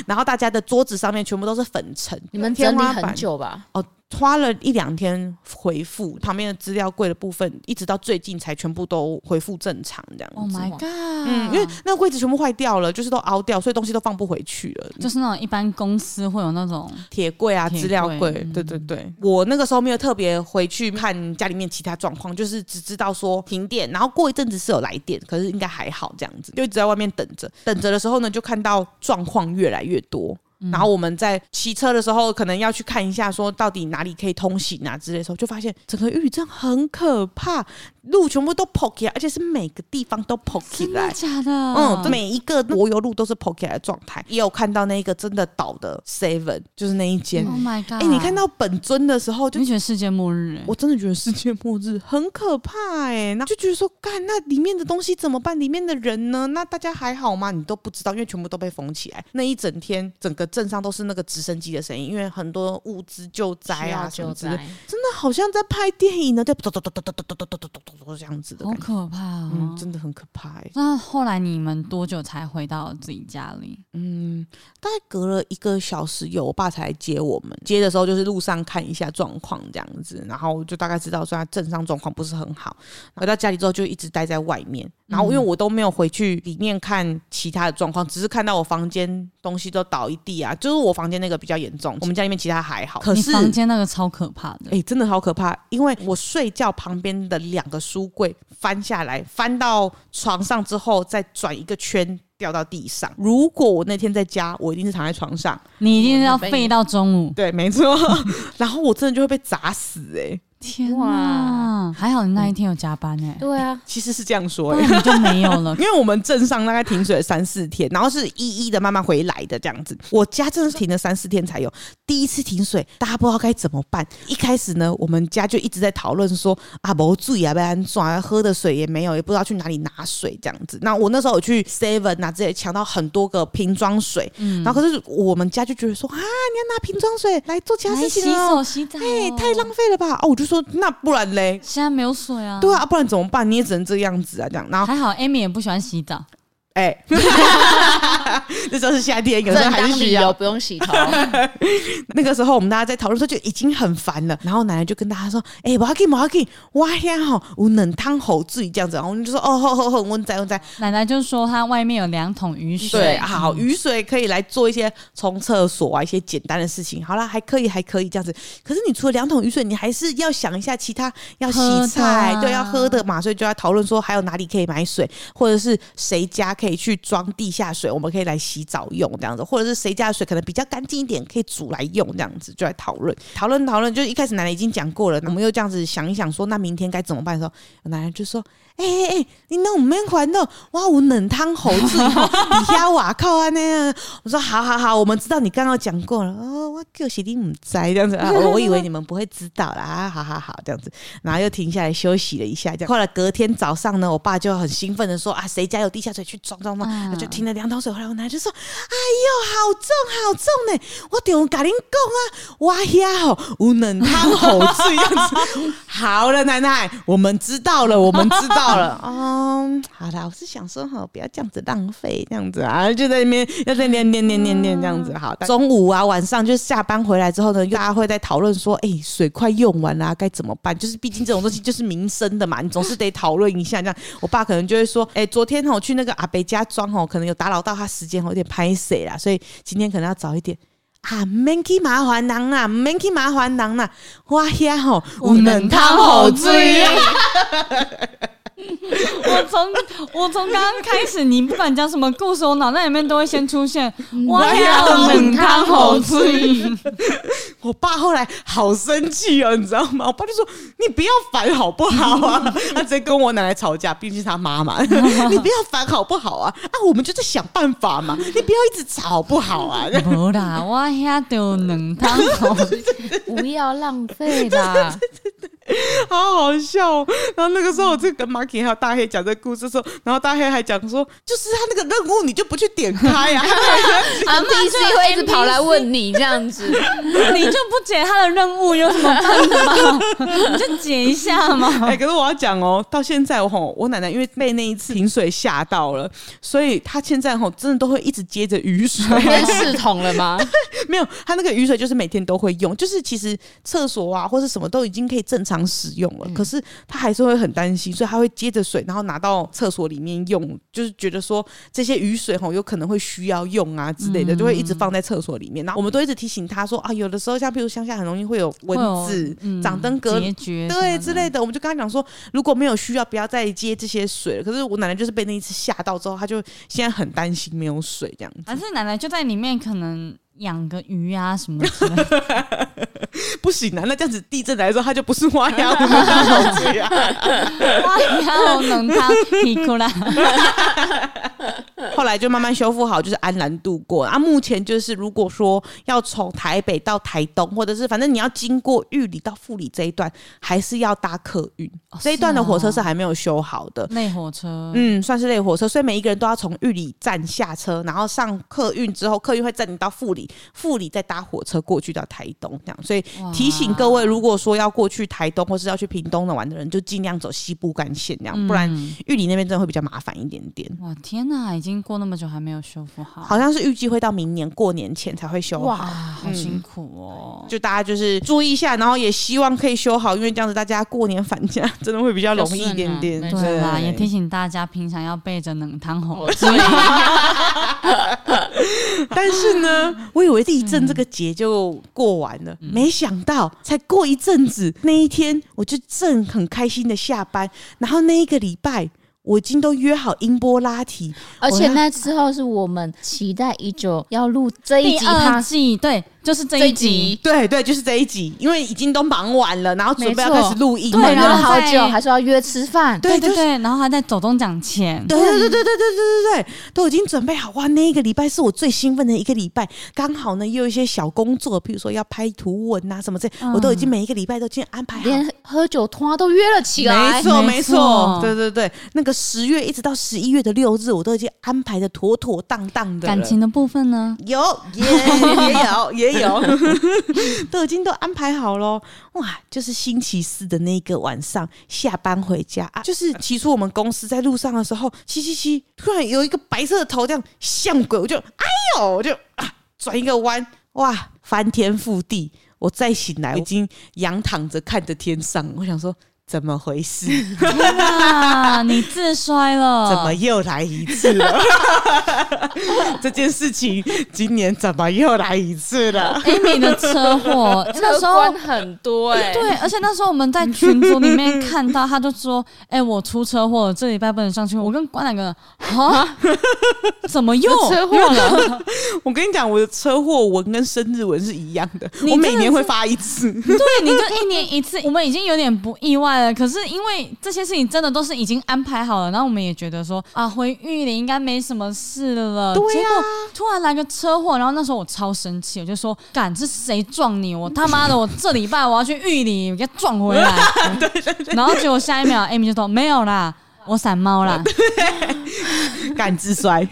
然後大家的桌子上面全部都是粉塵，你們整理很久吧？哦。花了一兩天回復旁邊的資料櫃的部分，一直到最近才全部都恢復正常這樣子 Oh my god！嗯，因為那個櫃子全部壞掉了，就是都凹掉，所以東西都放不回去了。就是那種一般公司會有那種鐵櫃啊、資料櫃、嗯。對對對，我那個時候沒有特別回去看家裡面其他狀況，就是只知道說停電，然後過一陣子是有來電，可是應該還好這樣子，就一直在外面等着。等着的時候呢，就看到狀況越來越多。嗯、然後我們在騎車的時候，可能要去看一下，說到底哪裡可以通行啊之類的時候，就發現整個玉里很可怕，路全部都破起來，而且是每個地方都破起來，真的假的？嗯，每一個柏油路都是破起來的狀態。也有看到那個真的倒的 Seven，就是那一間。Oh my God！哎、欸，你看到本尊的時候就，就覺得世界末日、欸。我真的覺得世界末日很可怕、欸，哎，那就覺得說，幹那裡面的東西怎麼辦？裡面的人呢？那大家還好嗎？你都不知道，因為全部都被封起來。那一整天，整個。鎮上都是那個直升機的聲音，因為很多物資救災啊，救災、啊，就真的好像在拍電影呢，就嘟嘟嘟嘟嘟嘟嘟嘟嘟這樣子的，好可怕哦、啊，嗯，真的很可怕。那後來你們多久才回到自己家裡？嗯，大概隔了一個小時，有我爸才來接我們。接的時候就是路上看一下狀況這樣子，然後就大概知道說鎮上狀況不是很好。回到家裡之後就一直待在外面，然後因為我都沒有回去裡面看其他的狀況、嗯，只是看到我房間東西都倒一地。呀、啊，就是我房間那個比較嚴重，我們家裡面其他還好。可是你房間那個超可怕的，誒、欸，真的好可怕！因為我睡覺旁邊的兩個書櫃翻下來，翻到床上之後再轉一個圈掉到地上。如果我那天在家，我一定是躺在床上，你一定要廢到中午。嗯嗯嗯、對，沒錯。 然後我真的就會被砸死、欸，誒。天、啊、哇！還好你那一天有加班哎、欸嗯。對啊、欸，其實是這樣說哎、欸，不然你就沒有了， 因為我們鎮上大概停水了三四天，然後是一一的慢慢回來的這樣子。我家真的是停了三四天才有第一次停水，大家不知道該怎麼辦。一開始呢，我們家就一直在討論說，啊，沒水啊，要怎麼辦，啊，喝的水也沒有，也不知道去哪裡拿水這樣子。那我那時候我去 Seven 啊之類，直接搶到很多個瓶裝水、嗯，然後可是我們家就覺得說，啊，你要拿瓶裝水來做其他事情、喔，洗手洗澡、喔、洗、欸、哎，太浪費了吧哦、啊，我就。說那不然嘞？現在沒有水啊！對啊，不然怎麼辦？你也只能這樣子啊，這樣。然後還好，Amy 也不喜歡洗澡。哎、欸，那時候是夏天，有時候還要當旅遊不用洗頭。 那個時候我們大家在討論的時候就已經很煩了，然後奶奶就跟大家說：“哎、 欸，毛阿敏，毛阿敏，哇，天啊，我冷湯喉醉這樣子。”然後我們就說：“哦吼吼吼，溫仔溫仔。我”奶奶就說：“他外面有兩桶雨水，好，雨水可以來做一些沖廁所啊，一些簡單的事情。好啦，還可以，還可以這樣子。可是你除了兩桶雨水，你還是要想一下其他要洗菜，對，要喝的嘛，所以就要討論說還有哪裡可以買水，或者是誰家可以。”可以去裝地下水，我們可以來洗澡用這樣子，或者是誰家的水可能比較乾淨一點，可以煮來用這樣子，就來討論討論討論。就一開始奶奶已經講過了，我們又這樣子想一想說，說那明天該怎麼辦的時候，奶奶就說。哎哎哎，你弄能還弄？哇，我冷湯猴子你家瓦靠啊那樣。我說好好好，我們知道你剛剛講過了。哦，我叫誰你唔知這樣子 啊？我以為你們不會知道了啊。好好好，這樣子，然後又停下來休息了一下。這樣，後來隔天早上呢，我爸就很興奮的說啊，誰家有地下水去裝裝嘛。他就停了兩桶水回來，我奶奶就說，哎呦，好重好重呢、欸，我丟咖喱貢啊，哇呀、哦，我冷湯猴子樣子。 好了，奶奶，我們知道了，我們知道了。好了哦，好的，我是想說好不要這樣子浪費，這樣子啊，就在那邊，要在那邊念念念念這樣子。好，中午啊，晚上就下班回來之後呢，大家會在討論說，哎、欸，水快用完了、啊，該怎麼辦？就是畢竟這種東西就是民生的嘛， 你總是得討論一下。這樣，我爸可能就會說，哎、欸，昨天我、喔、去那個阿伯家裝哦、喔，可能有打擾到他時間、喔，有點拍水啦，所以今天可能要早一點啊。免 y 麻煩人啊，免 y 麻煩人啊，哇呀吼，能冷湯好追。 我從我從剛剛開始，你不管講什麼故事，我腦袋裡面都會先出現我要冷湯好吃 我爸後來好生氣啊、哦，你知道嗎？我爸就說你不要煩好不好啊？ 他直接跟我奶奶吵架，畢竟是他媽媽 你不要煩好不好啊？啊，我們就在想辦法嘛。你不要一直吵不好啊？不 啦，我還要冷湯好吃不 要浪費啦。 好好笑、喔！然後那個時候我就跟 Marky 還有大黑講這個故事說，然後大黑還講說，就是他那個任務你就不去點開啊，啊，那就會一直跑來問你這樣子 你就不解他的任務有什麼辦法 你就解一下嘛。 哎、欸，可是我要講哦、喔，到現在哦、喔，我奶奶因為被那一次停水嚇到了，所以她現在哦、喔、真的都會一直接着雨水系統了嗎？沒有，她那個雨水就是每天都會用，就是其實廁所啊或是什麼都已經可以正常。使用了，可是他還是會很擔心，所以他會接着水，然後拿到廁所裡面用，就是覺得說這些雨水吼，有可能會需要用啊之類的，就會一直放在廁所裡面、嗯。然後我們都一直提醒他說啊，有的時候像譬如鄉下很容易會有蚊子、長登、哦、革、嗯、結對之類的，我們就跟他講說如果沒有需要，不要再接這些水了，可是我奶奶就是被那一次嚇到之後，她就現在很擔心沒有水這樣子。但是奶奶就在裡面可能。養個魚啊什麼之類的 不行啊，那這樣子地震來的時候它就不是花樣的嗎？後來就慢慢修復好，就是安然度過啊。目前就是如果說要從台北到台東，或者是反正你要經過玉里到富里這一段還是要搭客運、哦啊、這一段的火車是還沒有修好的內火車，嗯，算是內火車，所以每一個人都要從玉里站下車，然後上客運之後，客運會載你到富里富里在搭火車過去到台東，這樣，所以提醒各位，如果說要過去台東或是要去屏東的玩的人，就盡量走西部幹線這樣，嗯、不然玉里那邊真的會比較麻煩一點點。哇天哪、啊，已經過那麼久還沒有修復好，好像是預計會到明年過年前才會修好。哇，好辛苦哦、嗯！就大家就是注意一下，然後也希望可以修好，因為這樣子大家過年返家真的會比較容易一點點。對，對，對，對，對，對，也提醒大家平常要備着冷湯紅。 但是呢。我以為地震這個節就過完了，嗯，沒想到才過一陣子，那一天我就正很開心的下班，然後那一個禮拜我已經都約好音波拉提，而且那時候是我們期待已久要錄這一集的戲，對。就是這一集，一集對對，就是這一集，因為已經都忙完了，然後準備要開始錄音了，了然，然後好久，還說要約吃飯，對對對，然後還在走動講錢，對對對對對對對對，對，對，對都已經準備好哇、啊，那一個禮拜是我最興奮的一個禮拜，剛好呢又有一些小工作，譬如說要拍圖文啊什麼這、嗯，我都已經每一個禮拜都先安排好連喝酒通啊都約了起來，沒錯沒錯，對對對，那個十月一直到十一月的六日，我都已經安排的妥妥當當的。感情的部分呢，有也有、yeah, 也有。也有有， 都已經都安排好了。哇，就是星期四的那個晚上，下班回家啊，就是騎出我們公司在路上的時候，嘻嘻嘻，突然有一個白色的頭，這樣像鬼，我就哎呦，我就啊轉一個彎，哇，翻天覆地。我再醒來，已經仰躺着看着天上，我想說。怎麼回事？啊、你自衰了？怎麼又來一次了？ 這件事情今年怎麼又來一次了哎，欸、你的車禍 那時候車禍很多哎、欸，對，而且那時候我們在群組裡面看到，他就說：“哎、 欸，我出車禍，這禮拜不能上去。”我跟關兩個啊， 怎麼又車禍了？ 我跟你講，我的車禍文跟生日文是一樣的，的，我每年會發一次。對，你就一年一次。 我們已經有點不意外了。呃，可是因為這些事情真的都是已經安排好了，然後我們也覺得說啊，回玉裡應該沒什麼事了、啊。結果突然來個車禍，然後那時候我超生氣，我就說：“幹？是誰撞你？我他媽的，我這禮拜我要去玉裡我給撞回來。 然後” 對對對然後結果下一秒，Amy 就說：“沒有啦。”我散貓啦感知衰，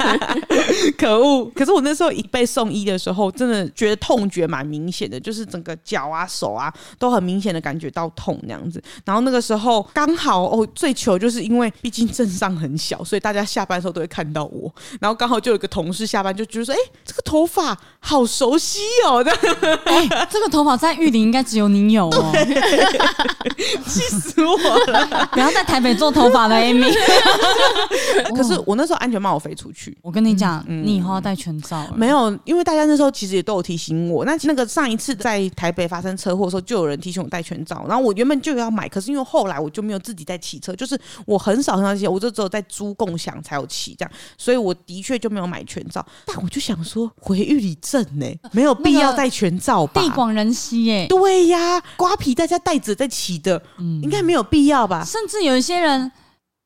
可惡！可是我那時候一被送醫的時候，真的覺得痛覺蠻明顯的，就是整個腳啊,啊、手啊都很明顯的感覺到痛那樣子。然後那個時候剛好哦，最糗就是因為畢竟鎮上很小，所以大家下班的時候都會看到我。然後剛好就有個同事下班就覺得說，哎、欸，這個頭髮好熟悉哦！這個、欸、這個頭髮在玉裡應該只有你有哦，氣 死我了！然後在台北。做頭髮的 Amy， 可是我那時候安全帽我飛出去。我跟你講、嗯，你以後要戴全罩、嗯嗯？沒有，因為大家那時候其實也都有提醒我。那那個上一次在台北發生車禍的時候，就有人提醒我戴全罩。然後我原本就要買，可是因為後來我就沒有自己在騎車，就是我很少很少騎，我就只有在租共享才有騎，這樣，所以我的確就沒有買全罩。但我就想說，回玉里鎮呢、欸，沒有必要戴全罩吧，那個、地廣人稀耶。對呀、啊，瓜皮大家帶着在騎的，嗯，應該沒有必要吧？甚至有一些人。人。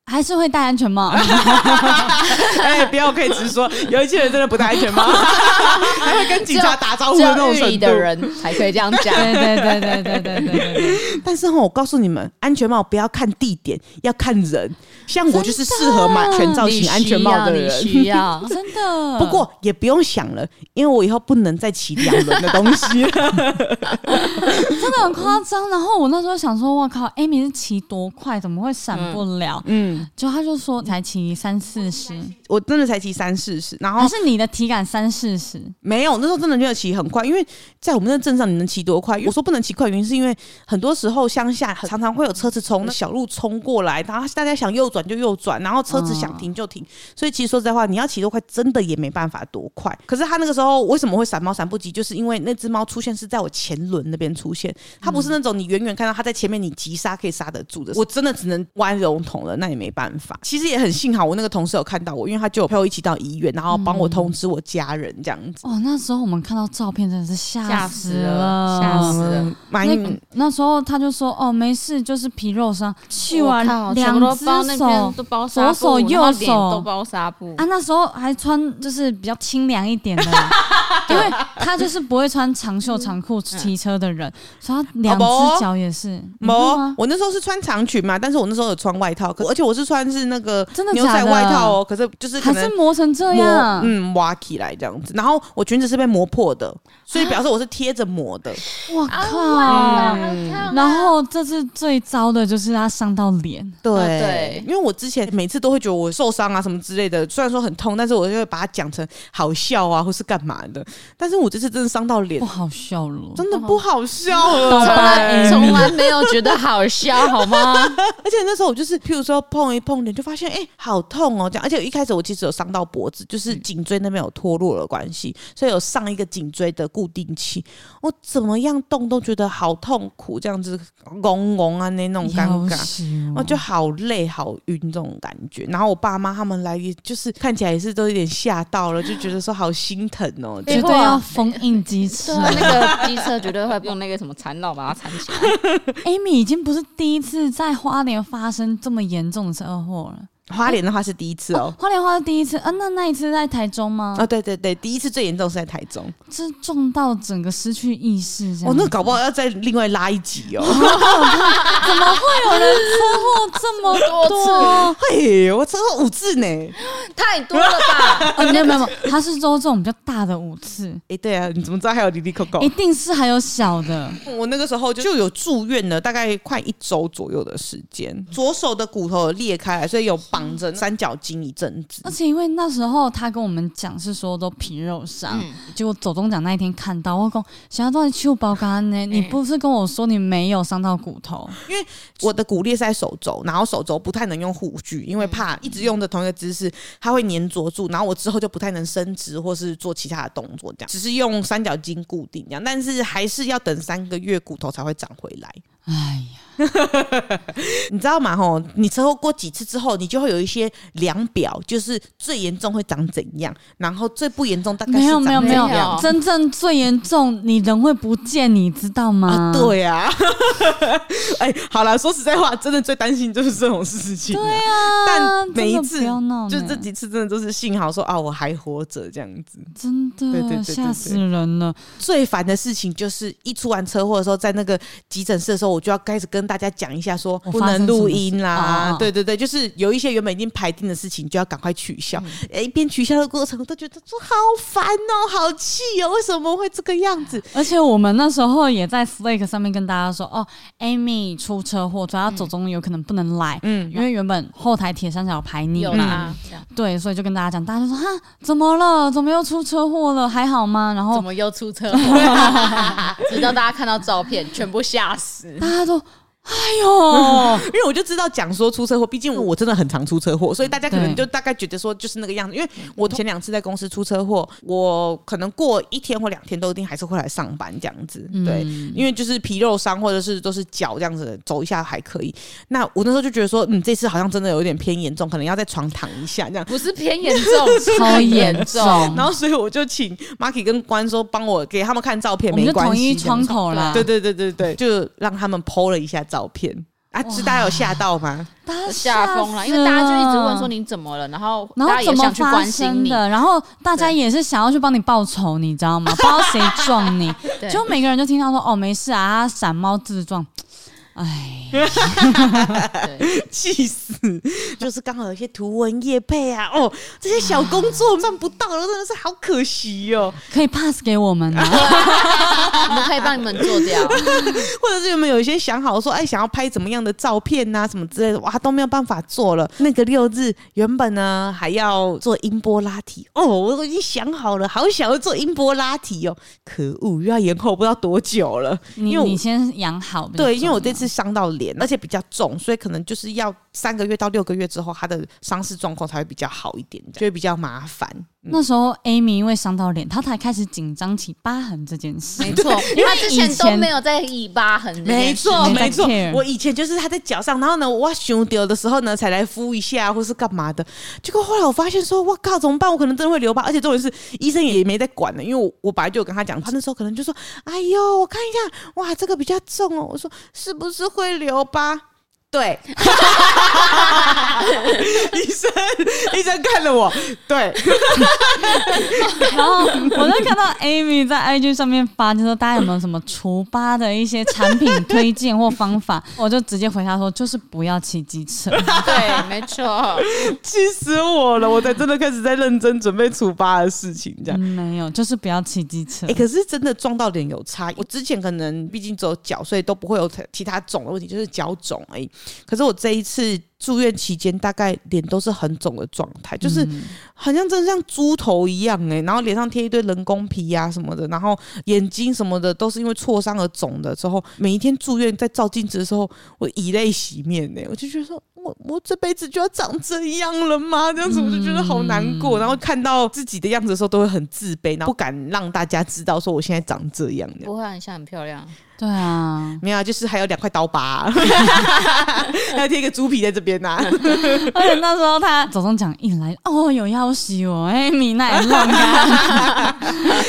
還是會戴安全帽 哎、欸，不要，可以直說。有一些人真的不戴安全帽，還會跟警察打招呼的那種程度的人才可以這樣講。 對對對對對對對，對。但是哈，我告訴你們，安全帽不要看地點，要看人。像我就是適合買全造型安全帽的人，真的需，需要真的。不過也不用想了，因為我以後不能再騎兩輪的東西 真的很誇張。然後我那時候想說，我靠，Amy 是騎多快，怎麼會閃不了？嗯。嗯就他就說才騎三四十，我真的才騎三四十。然後可是，你的體感三四十，沒有，那時候真的覺得騎很快，因為在我們那鎮上你能騎多快？我說不能騎快，原因是因為很多時候鄉下常、常常會有車子從小路衝過來，然後大家想右轉就右轉，然後車子想停就停。所以其實說實在話，你要騎多快真的也沒辦法多快。可是他那個時候為什麼會閃貓閃不及？就是因為那隻貓出現是在我前輪那邊出現，它不是那種你遠遠看到它在前面你急剎可以剎得住的。我真的只能彎龍頭了，那也沒。沒辦法，其實也很幸好我那個同事有看到我，因為他就有陪我一起到醫院，然後幫我通知我家人這樣子，嗯。哦，那時候我們看到照片真的是嚇死了，嚇死、死了。那，嗯，那時候他就說：“哦，沒事，就是皮肉傷，去完兩隻手我包都包紗布左手右手，然後臉都包紗布。”啊，那時候還穿就是比較清涼一點的， 因為他就是不會穿長袖長褲騎車的人，嗯嗯，所以他兩隻腳也是。哦嗯，沒，我那時候是穿長裙嘛，但是我那時候有穿外套，可而且我。不是穿是那個牛仔外套哦、喔，可是就是可能還是磨成這樣，嗯，挖起來這樣子。然後我裙子是被磨破的，所以表示我是貼着磨的。我、啊、靠！Oh 這次最糟的就是他傷到臉，對，對，因為我之前每次都會覺得我受傷啊什麼之類的，雖然說很痛，但是我就會把它講成好笑啊或是幹嘛的。但是我這次真的傷到臉，不好笑了，真的不好笑了，哦、從來你從來沒有覺得好笑， 好嗎？ 而且那時候我就是，譬如說碰一碰臉，就發現哎、欸、好痛哦這樣。而且一開始我其實有傷到脖子，就是頸椎那邊有脫落的關係、嗯，所以有上一個頸椎的固定器，我怎麼樣動都覺得好痛苦，這樣子。嗡嗡啊，那那種尷尬，我、喔、就好累、好暈這種感覺。然後我爸媽他們來，就是看起來也是都有點嚇到了， 就覺得說好心疼哦、喔，絕對要封印機車、 啊，那個機車絕對會用那個什麼纏繞把它纏起來。艾 米已經不是第一次在花蓮發生這麼嚴重的車禍了。花蓮的話是第一次哦，哦花蓮花是第一次，啊那那一次在台中嗎？啊、哦，對對對，第一次最嚴重是在台中，這是重到整個失去意識，哦，那個、搞不好要再另外拉一集哦，哦那個、集哦 哦怎麼會有人車禍這麼多？多次嘿，我車禍五次呢，太多了吧、哦？沒有沒有沒有，他是說這種比較大的五次，哎，對啊，你怎麼知道還有滴滴 Coco？一定是還有小的，我那個時候就，就有住院了，大概快一周左右的時間，左手的骨頭有裂開來，所以有。綁着三角巾一陣子，而且因為那時候他跟我們講是說都皮肉傷、嗯，結果走中獎那一天看到，我說小要到你去我包干呢、欸？你不是跟我說你沒有傷到骨頭？因為我的骨裂是在手肘，然後手肘不太能用護具，因為怕一直用的同一個姿勢，它會黏着住，然後我之後就不太能伸直或是做其他的動作，這樣只是用三角巾固定這樣，但是還是要等三個月骨頭才會長回來。哎呀。 你知道嗎？吼，你車禍過幾次之後，你就會有一些量表，就是最嚴重會長怎樣，然後最不嚴重大概是長怎樣沒有沒有沒有，沒有，真正最嚴重你人會不見，你知道嗎？啊、對呀、啊，哎、 欸，好了，說實在話，真的最擔心就是這種事情、啊。對呀、啊，但每一次不要鬧、欸，就這幾次真的都是幸好說啊，我還活着這樣子。真的，對對,對,對,對,對,對，嚇死人了。最煩的事情就是一出完車禍的時候，在那個急診室的時候，我就要開始跟。跟大家講一下，說不能錄音啦、啊，對對對，就是有一些原本已經排定的事情，就要趕快取消。哎，一邊取消的過程，我都覺得說好煩哦，好氣哦，為什麼會這個樣子？而且我們那時候也在 Slack 上面跟大家說，哦，Amy 出車禍，主要走中，有可能不能來。嗯，因為原本後台鐵三角排你有啦，對，所以就跟大家講，大家就說哈，怎麼了？怎麼又出車禍了？還好嗎？然後怎麼又出車禍？ 直到大家看到照片，全部嚇死，大家都……哎呦、嗯，因為我就知道講說出車禍，畢竟我真的很常出車禍，所以大家可能就大概覺得說就是那個樣子。因為我前兩次在公司出車禍，我可能過一天或兩天都一定還是會來上班這樣子。對，嗯、因為就是皮肉傷或者是都是腳這樣子走一下還可以。那我那時候就覺得說，嗯，這次好像真的有點偏嚴重，可能要在床躺一下這樣。不是偏嚴重，是 超嚴重。 然後所以我就請 Maki 跟關說幫我給他們看照片，沒關係，我們就統一窗口啦。對對,對對對對對，就讓他們 po 了一下照片。照片啊，是大家有嚇到嗎？嚇瘋了，因為大家就一直問說你怎麼了，然後然後也想去關心你，然後怎麼發生的。然後大家也是想要去幫你報仇，你知道嗎？不知道誰撞你，就 每個人就聽到說哦沒事啊，他閃貓自撞。哎氣 死！就是剛好有些圖文業配啊，哦，這些小工作辦不到了、啊，真的是好可惜喲、哦。可以 pass 給我們、啊， 我們可以幫你們做掉、啊。或者是你們有一些想好說，哎、啊，想要拍怎麼樣的照片啊，什麼之類的，哇，都沒有辦法做了。那個六日原本呢還要做音波拉提，哦，我已經想好了，好想要做音波拉提哦，可惡，又要延後不知道多久了。你因為你先養好了，對，因為我這次。傷到臉，而且比較重，所以可能就是要三個月到六個月之後，他的傷勢狀況才會比較好一點，就會比較麻煩。那時候，Amy 因為傷到臉，他才開始緊張起疤痕這件事。沒錯，因為以前，因為他之前都沒有在意疤痕。沒錯，沒錯。我以前就是他在腳上，然後呢，我熊丟的時候呢，才來敷一下、啊、或是幹嘛的。結果後來我發現說，我靠，怎麼辦？我可能真的會留疤，而且重點是醫生也沒在管呢。因為我我本來就有跟他講，他那時候可能就說：“哎呦，我看一下，哇，這個比較重哦。”我說：“是不是會留疤？”對。 醫生，醫生看着我， 對。 然後，我就看到 Amy 在 IG 上面發，就說大家有沒有什麼除疤的一些產品推薦或方法？ 我就直接回他說，就是不要騎機車。 對，沒錯，氣 死我了！我才真的開始在認真準備除疤的事情。這樣、嗯、沒有，就是不要騎機車。哎、欸，可是真的撞到臉有差異。我之前可能畢竟只有腳，所以都不會有其他腫的問題，就是腳腫而已。可是我這一次。住院期間，大概臉都是很腫的狀態，就是。嗯好像真的像豬頭一樣哎、欸，然後臉上貼一堆人工皮呀、啊、什麼的，然後眼睛什麼的都是因為挫傷而腫的。之後每一天住院，在照鏡子的時候，我以淚洗面哎、欸，我就覺得說我我這輩子就要長這樣了嗎？這樣子我就覺得好難過。嗯、然後看到自己的樣子的時候，都會很自卑，然後不敢讓大家知道說我現在長這樣，這樣。不會很像很漂亮？對啊，沒有、啊，就是還有兩塊刀疤、啊， 還要貼一個豬皮在這邊啊。而且那時候他走動講一來，哦，有要。恭喜哦！哎，Amy 那也愣呆，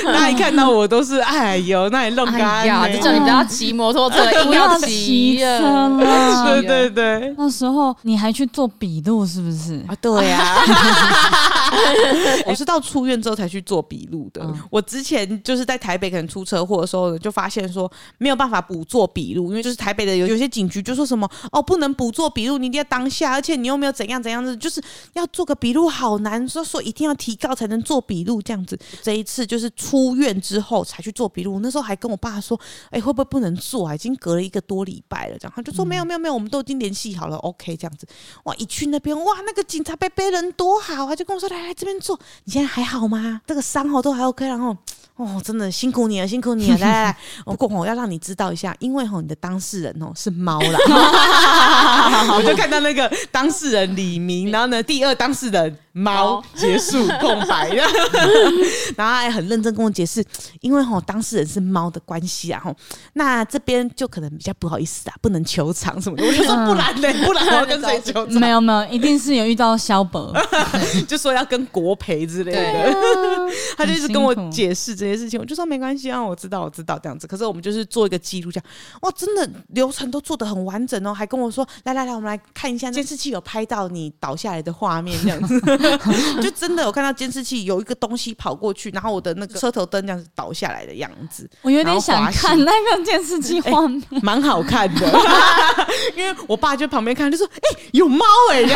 那一看到我都是哎呦，那一愣呆呀！就叫你不要騎摩托車，不、啊、要騎車了。對對對，那時候你還去做筆錄是不是？啊，對呀、啊。 我是到出院之後才去做筆錄的、嗯。我之前就是在台北，可能出車禍的時候就發現說沒有辦法補做筆錄，因為就是台北的有有些警局就說什麼哦，不能補做筆錄，你一定要當下，而且你又沒有怎樣怎樣的，就是要做個筆錄好難說。說一定要提告才能做筆錄這樣子，這一次就是出院之後才去做筆錄。那時候還跟我爸說，哎，會不會不能做？啊？已經隔了一個多禮拜了。然後就說沒有沒有沒有，我們都已經聯繫好了，OK 這樣子。哇，一去那邊哇，那個警察伯伯人多好啊，就跟我說來來這邊坐。你現在還好嗎？這個傷好都還 OK。然後哦、喔，真的辛苦你了，辛苦你了。來來，不過我要讓你知道一下，因為吼你的當事人哦是貓啦 我就看到那個當事人李明，然後呢第二當事人貓。結束空白了， 然後還很認真跟我解釋，因為吼當事人是貓的關係啊，吼，那這邊就可能比較不好意思啊，不能求償什麼的、嗯，我就說不然呢、嗯？不然我要跟誰求？沒有沒有，一定是有遇到肖伯 就說要跟國賠之類的，啊、 他就一直跟我解釋這些事情，我就說沒關係啊，我知道我知道這樣子，可是我們就是做一個記錄，這樣。哇，真的流程都做得很完整哦，還跟我說來來來，我們來看一下監視器有拍到你倒下來的畫面這樣子。 就真的有看到監視器有一個東西跑過去，然後我的那個車頭燈這樣子倒下來的樣子，我有點想看那個監視器，晃、欸、蠻 好看的。 因為我爸就旁邊看就說：“哎、欸，有貓哎、欸！”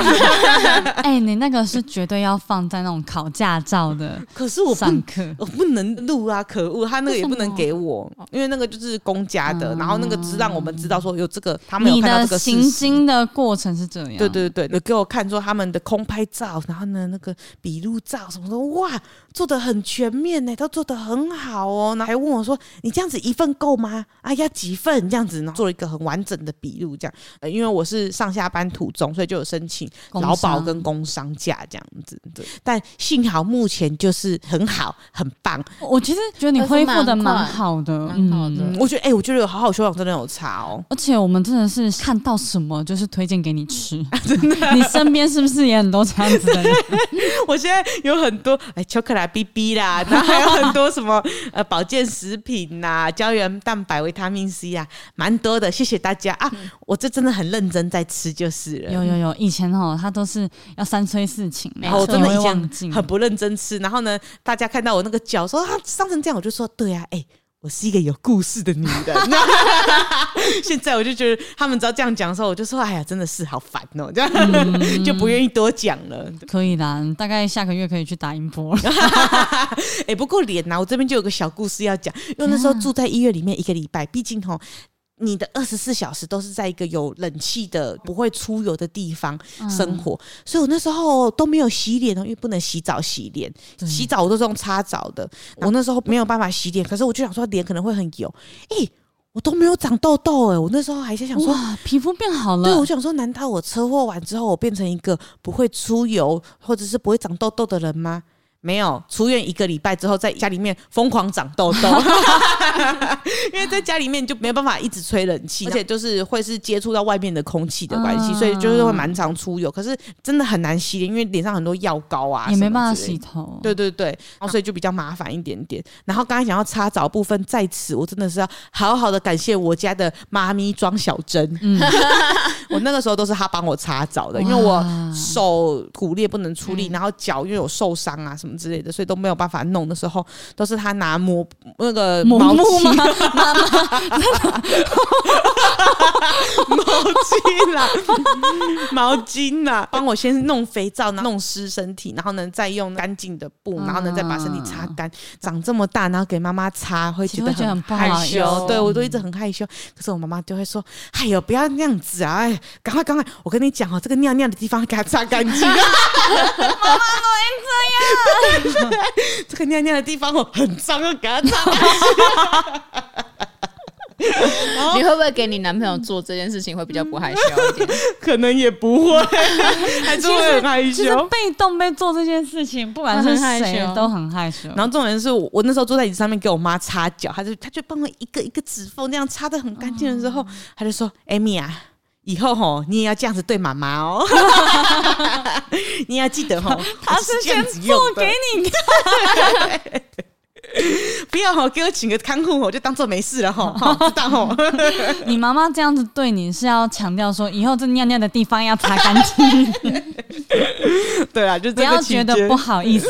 哎、欸，你那個是絕對要放在那種考駕照的，可是我不可，我不能錄啊，可惡！他那個也不能給我，因為那個就是公家的，嗯、然後那個只讓我們知道說有這個，他們有看到這個行經的過程是怎樣。對對對，你給我看說他們的空拍照，然後呢，那個。筆錄照什麼的哇，做得很全面呢、欸，都做得很好哦、喔。然後還問我說，你這樣子一份夠嗎？啊，要幾份這樣子？呢？做了一個很完整的筆錄，這樣。呃，因為我是上下班途中，所以就有申請勞保跟工傷假這樣子。對，但幸好目前就是很好，很棒。我其實覺得你恢復得蠻好的，嗯的，我覺得，哎、欸，我覺得有好好休養，真的有差哦、喔。而且我們真的是看到什麼就是推薦給你吃，啊、真的。 你身邊是不是也很多這樣子的人？ 我現在有很多哎，巧克拉 BB 啦， 然後還有很多什麼呃，保健食品吶、啊，膠原蛋白、維他命 C 呀、啊，蠻多的。謝謝大家啊，我這真的很認真在吃就是了。有有有，以前哦，他都是要三催四請的，我真的很不認真吃。然後呢，大家看到我那個腳說他傷成這樣，我就說對啊，哎、欸。我是一個有故事的女人 現在我就覺得他們只要這樣講的時候，我就說，哎呀，真的是好煩哦、喔嗯， 這樣就不願意多講了。可以啦，大概下個月可以去打音波。哎、 欸，不過臉吶、啊，我這邊就有個小故事要講，因為那時候住在醫院裡面一個禮拜，畢竟吼。你的二十四小時都是在一個有冷氣的不會出油的地方生活、嗯，所以我那時候都沒有洗臉，因為不能洗澡洗臉、嗯，洗澡我都是用擦澡的。我那時候沒有辦法洗臉，可是我就想說臉可能會很油，哎、欸，我都沒有長痘痘哎、欸，我那時候還是想說，哇，皮膚變好了。對，我就想說，難道我車禍完之後我變成一個不會出油或者是不會長痘痘的人嗎？沒有。出院一個禮拜之後，在家裡面瘋狂長痘痘， 因為在家裡面就沒辦法一直吹冷氣，而且就是會是接觸到外面的空氣的關係、嗯，所以就是會蠻常出油。可是真的很難洗臉，因為臉上很多藥膏啊，也沒辦法洗頭。對對對，然後所以就比較麻煩一點點。然後剛才想要擦澡的部分，在此我真的是要好好的感謝我家的媽咪莊小珍，嗯、 我那個時候都是她幫我擦澡的，因為我手骨裂不能出力，嗯、然後腳又有受傷啊什麼。之類的，所以都沒有辦法弄的時候，都是他拿抹那個毛巾，摩摩媽媽 毛巾啦，毛巾吶，幫我先弄肥皂，弄濕身體，然後呢再用乾淨的布，然後呢再把身體擦乾、啊。長這麼大，然後給媽媽擦，會覺得很害羞。對，我都一直很害羞，嗯、可是我媽媽就會說：“哎呦，不要那樣子啊！趕、欸、快，趕快！我跟你講哦、喔，這個尿尿的地方給它擦乾淨。 媽媽”媽 嗯嗯、呵呵，這個尿尿的地方很髒，要給他擦，你會不會給你男朋友做這件事情會比較不害羞一點、嗯嗯？可能也不會，嗯、還是會很害羞。其實被動被做這件事情，不管是誰都很害羞。然後重點是我，我那時候坐在椅子上面給我媽擦腳，他就他就幫我一個一個指縫那樣擦得很乾淨的，很乾淨了之後，他就說：“Amy、欸、啊。”以後吼，你也要這樣子對媽媽哦。 你要記得吼，他，他，是他是先做給你的。 不要吼，給我請個看護，我就當做沒事了吼、哦。你媽媽這樣子對你是要強調說，以後這尿尿的地方要擦乾淨 。 對啊，就這不要覺得不好意思，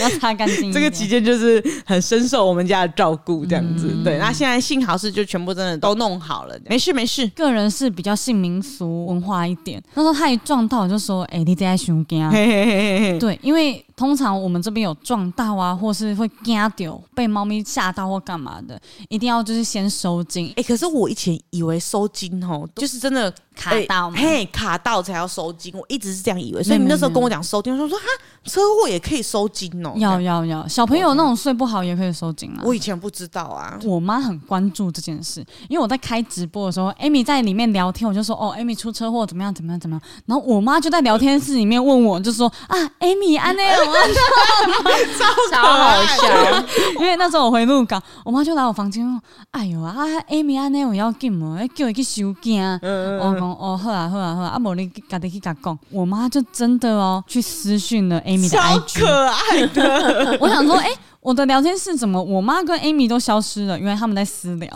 要擦乾淨。 這個期間就是很深受我們家的照顧，這樣子、嗯。對，那現在幸好是就全部真的都弄好了，嗯、沒事沒事。個人是比較信民俗文化一點。那時候他一撞到我就說：“哎、欸，你這樣凶勁。嘿嘿嘿嘿”對，因為。通常我們這邊有撞到啊，或是會丟被貓咪嚇到或幹嘛的，一定要就是先收驚。哎、欸，可是我以前以為收驚哦，就是真的卡到，嘿、欸、卡到才要收驚，我一直是這樣以為。所以你那時候跟我講收驚，說說哈車禍也可以收驚哦、喔。要要要，小朋友那種睡不好也可以收驚啊。我以前不知道啊，我媽很關注這件事，因為我在開直播的時候，Amy 在裡面聊天，我就說哦，Amy 出車禍怎麼樣怎麼樣怎麼樣，然後我媽就在聊天室裡面問我，就說、呃、啊，Amy 安呢、啊？呃哦、超，超好笑！因為那時候我回鹿港，我媽就來我房間說：“哎呦啊，Amy，阿 n e 要 game，叫你去收驚，嗯”我講、嗯：“哦，好啊，好啊，好啊。”阿摩你家的去甲講，我媽就真的哦去私訊了 Amy 的 IG。超可愛的。我想說，誒、欸，我的聊天室怎麼我媽跟 Amy 都消失了？因為他們在私聊，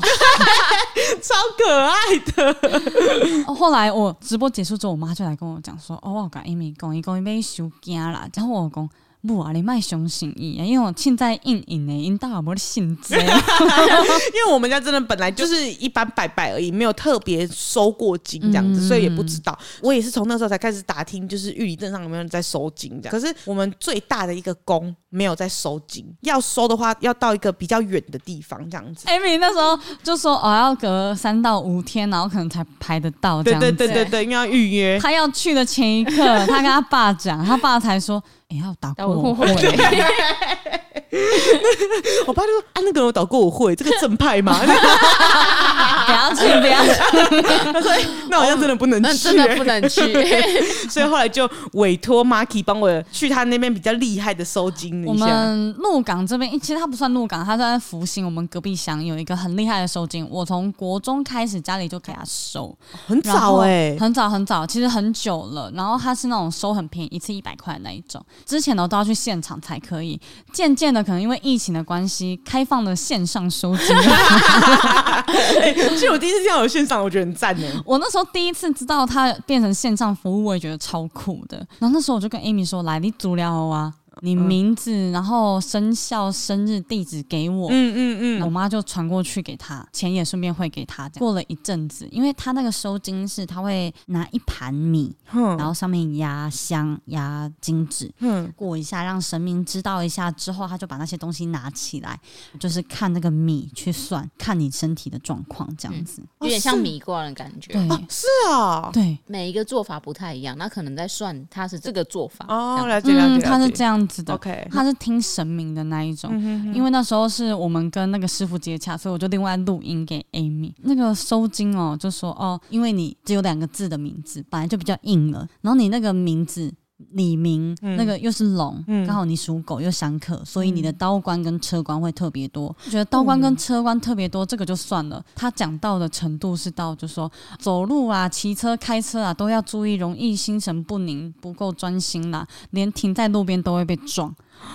超可愛的。後來我直播結束之後，我媽就來跟我講說：“哦，我跟 Amy 講，伊講伊要收驚啦。”然後我講。不啊，你賣相信你啊，因為我現在應應誒，應到阿伯的心知， 因為我們家真的本來就是一般拜拜而已，沒有特別收過金這樣子，嗯、所以也不知道、嗯。我也是從那時候才開始打聽，就是玉里鎮上有沒有人在收金這樣、嗯。可是我們最大的一個宮沒有在收金，要收的話要到一個比較遠的地方這樣子。Amy 那時候就說我、哦、要隔三到五天，然後可能才拍得到這樣子。對對對對對，應該要預約。他要去的前一刻， 他跟他爸講，他爸才說：“你要導過我會。” 我爸就說：“啊，那個導過我會，這個正派嗎？”不要去，不要去。 他說、欸：“那好像真的不能去、欸，真的不能去。”所以後來就委托 Marky 幫我去他那邊比較厲害的收金。我們鹿港這邊，其實它不算鹿港，它算福興。我們隔壁鄉有一個很厲害的收金，我從國中開始家裡就給他收，很早哎、欸，很早很早，其實很久了。然後他是那種收很便宜，一次一百塊那一種。之前呢，我都要去現場才可以，漸漸的可能因為疫情的關係，開放了線上收金。 欸、其實我第一次見到有線上，我覺得很讚呢、欸。我那時候第一次知道他變成線上服務，我也覺得超酷的。然後那時候我就跟 Amy 說：“來，你足療啊。”你名字、嗯，然後生肖、生日、地址給我。嗯嗯嗯，嗯，我媽就傳過去給他，錢也順便會給他。過了一陣子，因為他那個收金是，他會拿一盤米、嗯，然後上面壓香、壓金紙，嗯，裹一下，讓神明知道一下。之後他就把那些東西拿起來，就是看那個米去算，看你身體的狀況，這樣子、嗯、有點像米卦的感覺。啊、對、對、啊，是啊，對，每一個做法不太一樣，那可能在算他是這個做法哦。原來他、嗯、是這樣子。OK，他是聽神明的那一種，嗯哼哼，因為那時候是我們跟那個師傅接洽，所以我就另外錄音給 Amy。那個收金哦，就說哦，因為你只有兩個字的名字，本來就比較硬了，然後你那個名字。李明、嗯，那個又是龍，剛、嗯、好，你屬狗又相克，所以你的刀關跟車關會特別多、嗯。覺得刀關跟車關特別多，這個就算了。嗯、他講到的程度是到就是，就說走路啊、騎車、開車啊都要注意，容易心神不寧、不夠專心啦，連停在路邊都會被撞、嗯。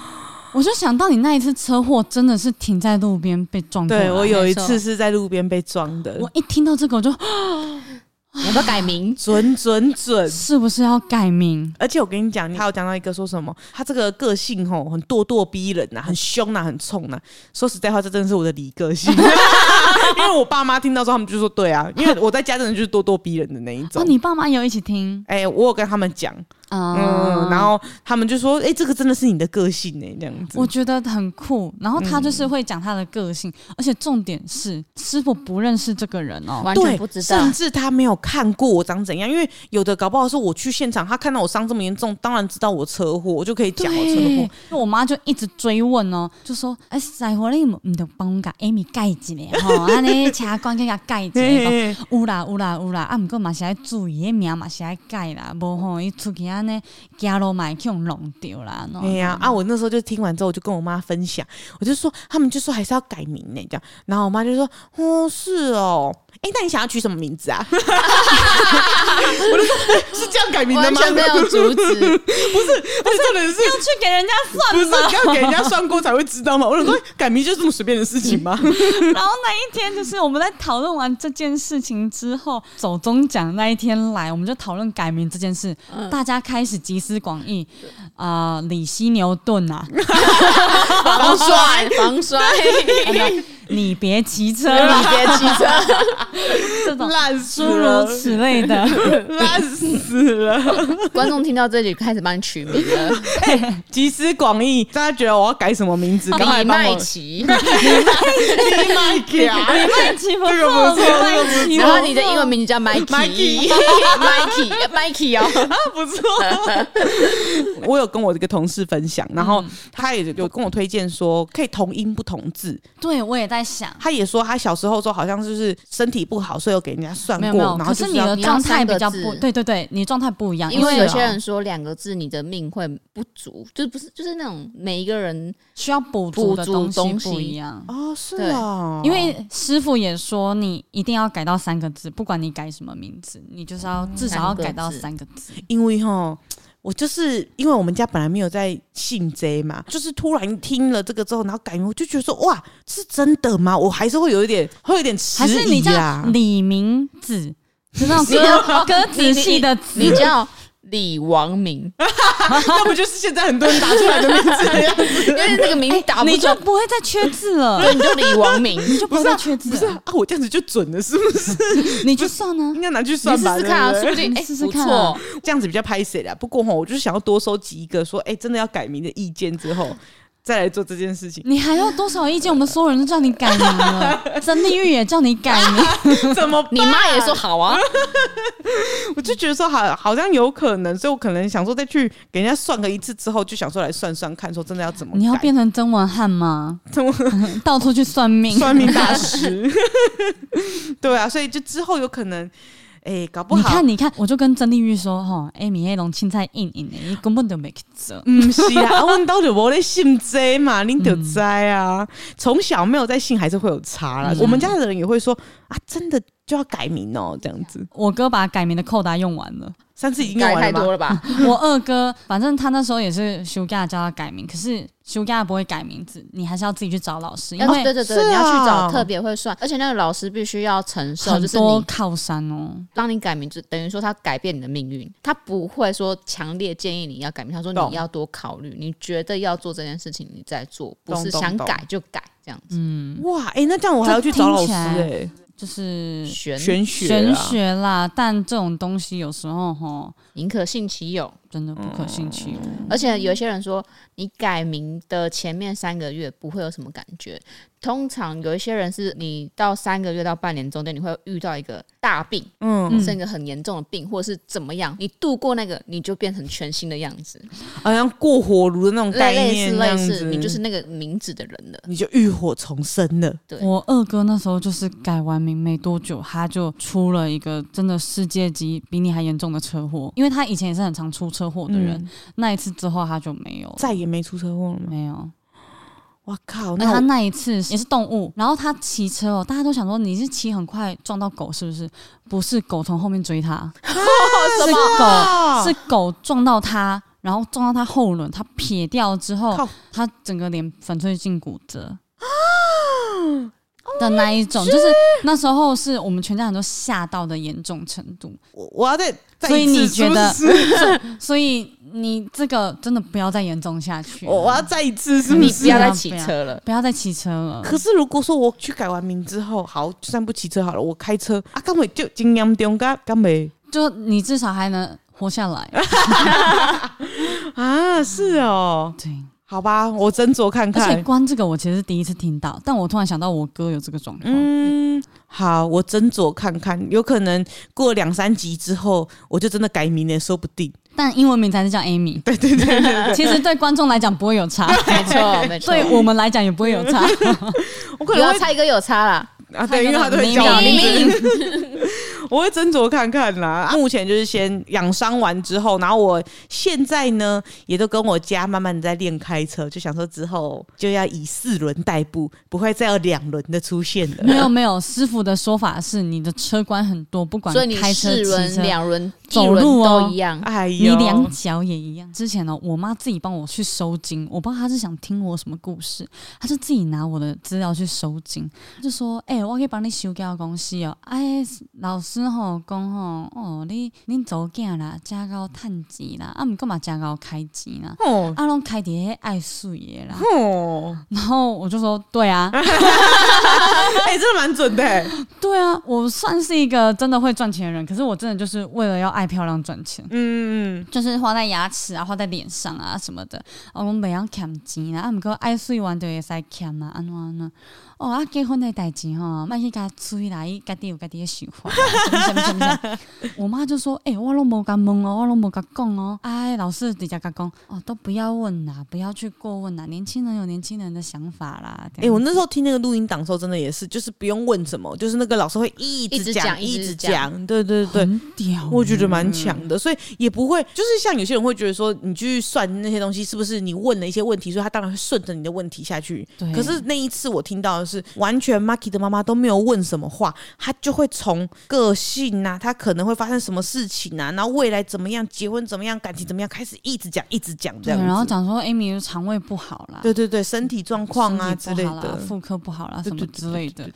我就想到你那一次車禍，真的是停在路邊被撞。對，我有一次是在路邊被撞的，那個。我一聽到這個，我就。啊要改名，準準準，是不是要改名？而且我跟你講，你還有講到一個說什麼，他這個個性吼很咄咄逼人吶、啊，很凶吶、啊，很衝吶、啊。說實在話，這真的是我的理個性， 因為我爸媽聽到之後，他們就說對啊，因為我在家真的就是咄咄逼人的那一種。哦、你爸媽有一起聽？哎、欸，我有跟他們講。嗯，嗯，嗯，然後他們就說：“哎、欸，這個真的是你的個性呢、欸，這樣子。”我覺得很酷。然後他就是會講他的個性、嗯，而且重點是師傅不認識這個人哦、喔，完全不知道，對，甚至他沒有看過我長怎樣，因為有的搞不好是我去現場，他看到我傷這麼嚴重，當然知道我車禍，我就可以講我車禍。那我媽就一直追問哦、喔，就說：“哎、欸，彩虹林，你就幫我把 Amy 改起來哈，那、喔、 你請他關給你改起來，有啦有啦有啦，有啦，啊不過嘛是要注意的，名嘛是要改啦，不、喔，吼，一出去啊。”那家樂買就弄掉了。哎呀啊，啊，啊！我那時候就聽完之後，我就跟我媽分享，我就說他們就說還是要改名呢、欸，這樣。然後我媽就說：“哦，是哦、喔，哎、欸，那你想要取什麼名字啊？” 我就說：“是這樣改名的嗎？”沒有阻止， 不是，不是，是真的是要去給人家算，不是要給人家算過才會知道嗎？ 我就說改名就是這麼隨便的事情嗎？ 然後那一天就是我們在討論完這件事情之後，走中獎那一天來，我們就討論改名這件事，嗯、大家。開始集思廣益，呃，啊！李希牛頓啊，防摔，防摔。你別騎車，你別騎車，這種爛，諸如此類的， 爛爛死了。 觀眾聽到這裡開始幫你取名了、欸，集思廣益，大家覺得我要改什麼名字？李、啊、麥奇，李 麥、啊，李麥不錯，然後你的英文名字叫 Mikey，Mikey，Mikey Mikey, Mikey 哦， 他不錯錯笑。我有跟我一個同事分享，然後他也有跟我推薦說，可以同音不同字。對我也在。他也說他小時候說好像就是身體不好，所以我給人家算過。沒有，沒有是可是你的狀態比較不，對對對，你狀態不一樣，因為有些人說兩個字你的命會不足，就不是就是那種每一個人需要補足的東西不一樣啊、哦，是啊，因為師傅也說你一定要改到三個字，不管你改什麼名字，你就是要至少要改到三個字，嗯、三個字因為哈。我就是因為我們家本來沒有在姓 J 嘛，就是突然聽了這個之後，然後感覺我就覺得說，哇，是真的嗎？我還是會有一點，會有一點遲疑啊。還是你叫李明子，知道嗎？歌仔系的子，李王明， 那不就是現在很多人打出來的名字的樣子？ 因為這個名字打，欸，你就不會再缺字了。對，欸，你就， 所以你就李王明，你就不會再缺字了啊，啊，啊！我這樣子就準了，是不是？ 你就算了，應該拿去算吧，試試看啊，說不定哎，試、欸、試看哦、啊，這樣子比較拍誰的。不過哈、哦，我就是想要多收集一個說，哎、欸，真的要改名的意見之後。 再來做這件事情，你還要多少意見？我們所有人都叫你改名了，曾麗玉也叫你改名， 啊、怎麼辦？你媽也說好啊。 我就覺得說好，好像有可能，所以我可能想說再去給人家算個一次之後，就想說來算算看，說真的要怎麼？你要變成曾文漢嗎？ 到處去算命？ 算命大師。 對啊，所以就之後有可能。哎、欸，搞不好你看，你看，我就跟曾麗玉說哈，Amy 龍青菜硬硬的，你根本都沒吃。嗯，是啊， 啊我到底我的姓 Z 嘛，你得 Z 啊、嗯。從小沒有在姓，還是會有差了、嗯。我們家的人也會說啊，真的就要改名哦，這樣子。我哥把改名的扣打用完了，三次已經用完改太多了吧？ 我二哥，反正他那時候也是休假，叫他改名，可是。暑假不會改名字，你還是要自己去找老師，因為、啊、對對對是、啊，你要去找特別會算，而且那個老師必須要承受，很多靠山哦。當、就是、你，你改名字，等於說他改變你的命運，他不會說強烈建議你要改名，他說你要多考慮，你覺得要做這件事情，你再做，動動動不是想改就改動動，這樣子。嗯，哇，誒、欸，那這樣我還要去找老師、欸，哎，就、就是玄學、啊、玄學啦。但這種東西有時候吼，寧可信其有。真的不可信其，嗯、而且有一些人說，你改名的前面三個月不會有什麼感覺，通常有一些人是你到三個月到半年中間，你會遇到一個大病，嗯，生一個很嚴重的病，或者是怎麼樣，你度過那個，你就變成全新的樣子，好，啊、像過火爐的那種概念，類似，你就是那個名字的人了，你就浴火重生了。對，我二哥那時候就是改完名沒多久，他就出了一個真的世界級比你還嚴重的車禍，因為他以前也是很常出車。車禍的人，嗯，那一次之後他就沒有，再也沒出車禍了。沒有，我靠！那他那一次是也是動物，然後他騎車，哦，大家都想說你是騎很快撞到狗是不是？不是，狗從後面追他，啊是，是狗？是狗撞到他，然後撞到他後輪，他撇掉之後，他整個臉粉碎性骨折啊！的那一種、oh，就是那時候是我們全家人都嚇到的嚴重程度。我我要再，再一次是不是，所以你覺得 所，所以你這個真的不要再嚴重下去、啊。我要再一次，是不是你不要再騎車了？不要再騎車了。可是如果說我去改完名之後，好，就算不騎車好了，我開車啊，剛偉就盡量點干，干偉就你至少還能活下來 啊！是哦，對。好吧，我斟酌看看。而且關這個，我其實第一次聽到，但我突然想到我哥有這個狀況、嗯。嗯，好，我斟酌看看，有可能過兩三集之後，我就真的改名了，說不定。但英文名才是叫 Amy。對對對，對，對，對，其實對觀眾來講不會有差，沒錯，對，對，沒錯，對，我們來講也不會有差。 我可能要猜一個有差啦，啊，對，一秒一秒鐘。 我會斟酌看看啦、啊啊。目前就是先養傷完之後，然後我現在呢，也都跟我家慢慢的在練開車，就想說之後就要以四輪代步，不會再有兩輪的出現了。沒有沒有，師傅的說法是你的車關很多，不管你開車、四輪，兩輪、走路、哦、都一樣，哎呀，你兩腳也一樣。之前呢、哦，我媽自己幫我去收驚，我不知道她是想聽我什麼故事，她就自己拿我的資料去收驚，就說：“哎、欸，我可以幫你修掉東西哦。”哎，老師。然後講吼，哦，你你做嫁啦，加夠趁錢啦，啊毋過嘛加夠開錢啦，哦，啊，攏開的愛水的啦。哦，然後我就說，對啊，哎、 欸，真的蠻準的、欸。對啊，我算是一個真的會賺錢的人，可是我真的就是為了要愛漂亮賺錢。嗯嗯嗯，就是花在牙齒啊，花在臉上啊什麼的。我們每樣欠錢啦，啊毋過愛水完就會塞欠嘛，安怎安、啊、怎。哦，啊，結婚的代志哦，慢起家注意啦，家己有家己的喜歡。 我媽就說：“哎、欸，我都無敢問哦，我都無敢講哦。啊”哎，老師在甲甲講哦，都不要問吶，不要去過問吶。年輕人有年輕人的想法啦。哎、欸，我那時候聽那個錄音檔的時候，真的也是，就是不用問什麼，就是那個老師會一直講，一直講，對對對，很屌，我覺得蠻強的，所以也不會，就是像有些人會覺得說，你去算那些東西，是不是你問了一些問題，所以他當然會順着你的問題下去。可是那一次我聽到的。是完全 Maki 的媽媽都沒有問什麼話，她就會從個性啊，她可能會發生什麼事情啊，然後未來怎麼樣，結婚怎麼樣，感情怎麼樣，開始一直講一直講這樣，然後講說 Amy 腸胃不好啦，對對對，身體狀況啊之類的，婦科不好啦，什麼之類的，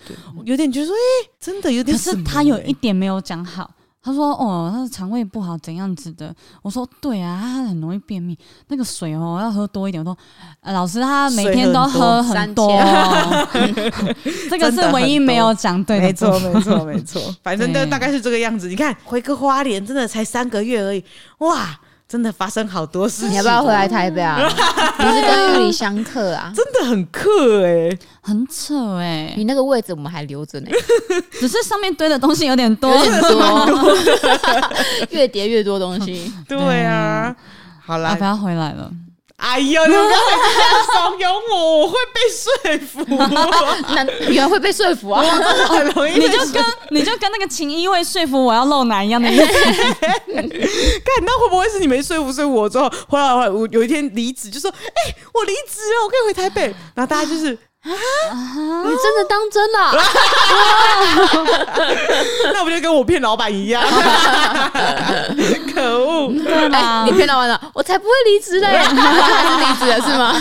有點覺得說，哎、欸，真的有點、欸、可是她有一點沒有講好。他說：“哦，他的腸胃不好，怎樣子的？”我說：“對啊，他很容易便秘，那個水哦要喝多一點。”我說、呃：“老師，他每天都喝很多。很多” 這個是唯一沒有講對的，沒錯，沒錯，沒錯，反正都大概是這個樣子。你看，回個花蓮真的才三個月而已，哇！真的發生好多事情，你要不要回來台北啊？你 是跟玉里相克啊，啊？真的很克哎，欸，很扯哎，欸！你那個位置我們還留着呢， 只是上面堆的東西有點多，有點多， 越疊越多東西。 對，啊對啊，好啦我、啊、要回來了。哎呦，你們不要每次這樣慫恿我，我會被說服、啊 難。原來會被說服啊， 很容易被說服。你就跟 你就跟那個秦一偉說服我要露奶一樣的樣子 看那會不會是你沒說服說服我之後，後來，回來我有一天離職，就說：“哎、欸，我離職了，我可以回台北。”然後大家就是。 啊！你真的當真了？那不就跟我騙老闆一樣？可惡！你騙老闆了，我才不會離職嘞！還是離職了是嗎？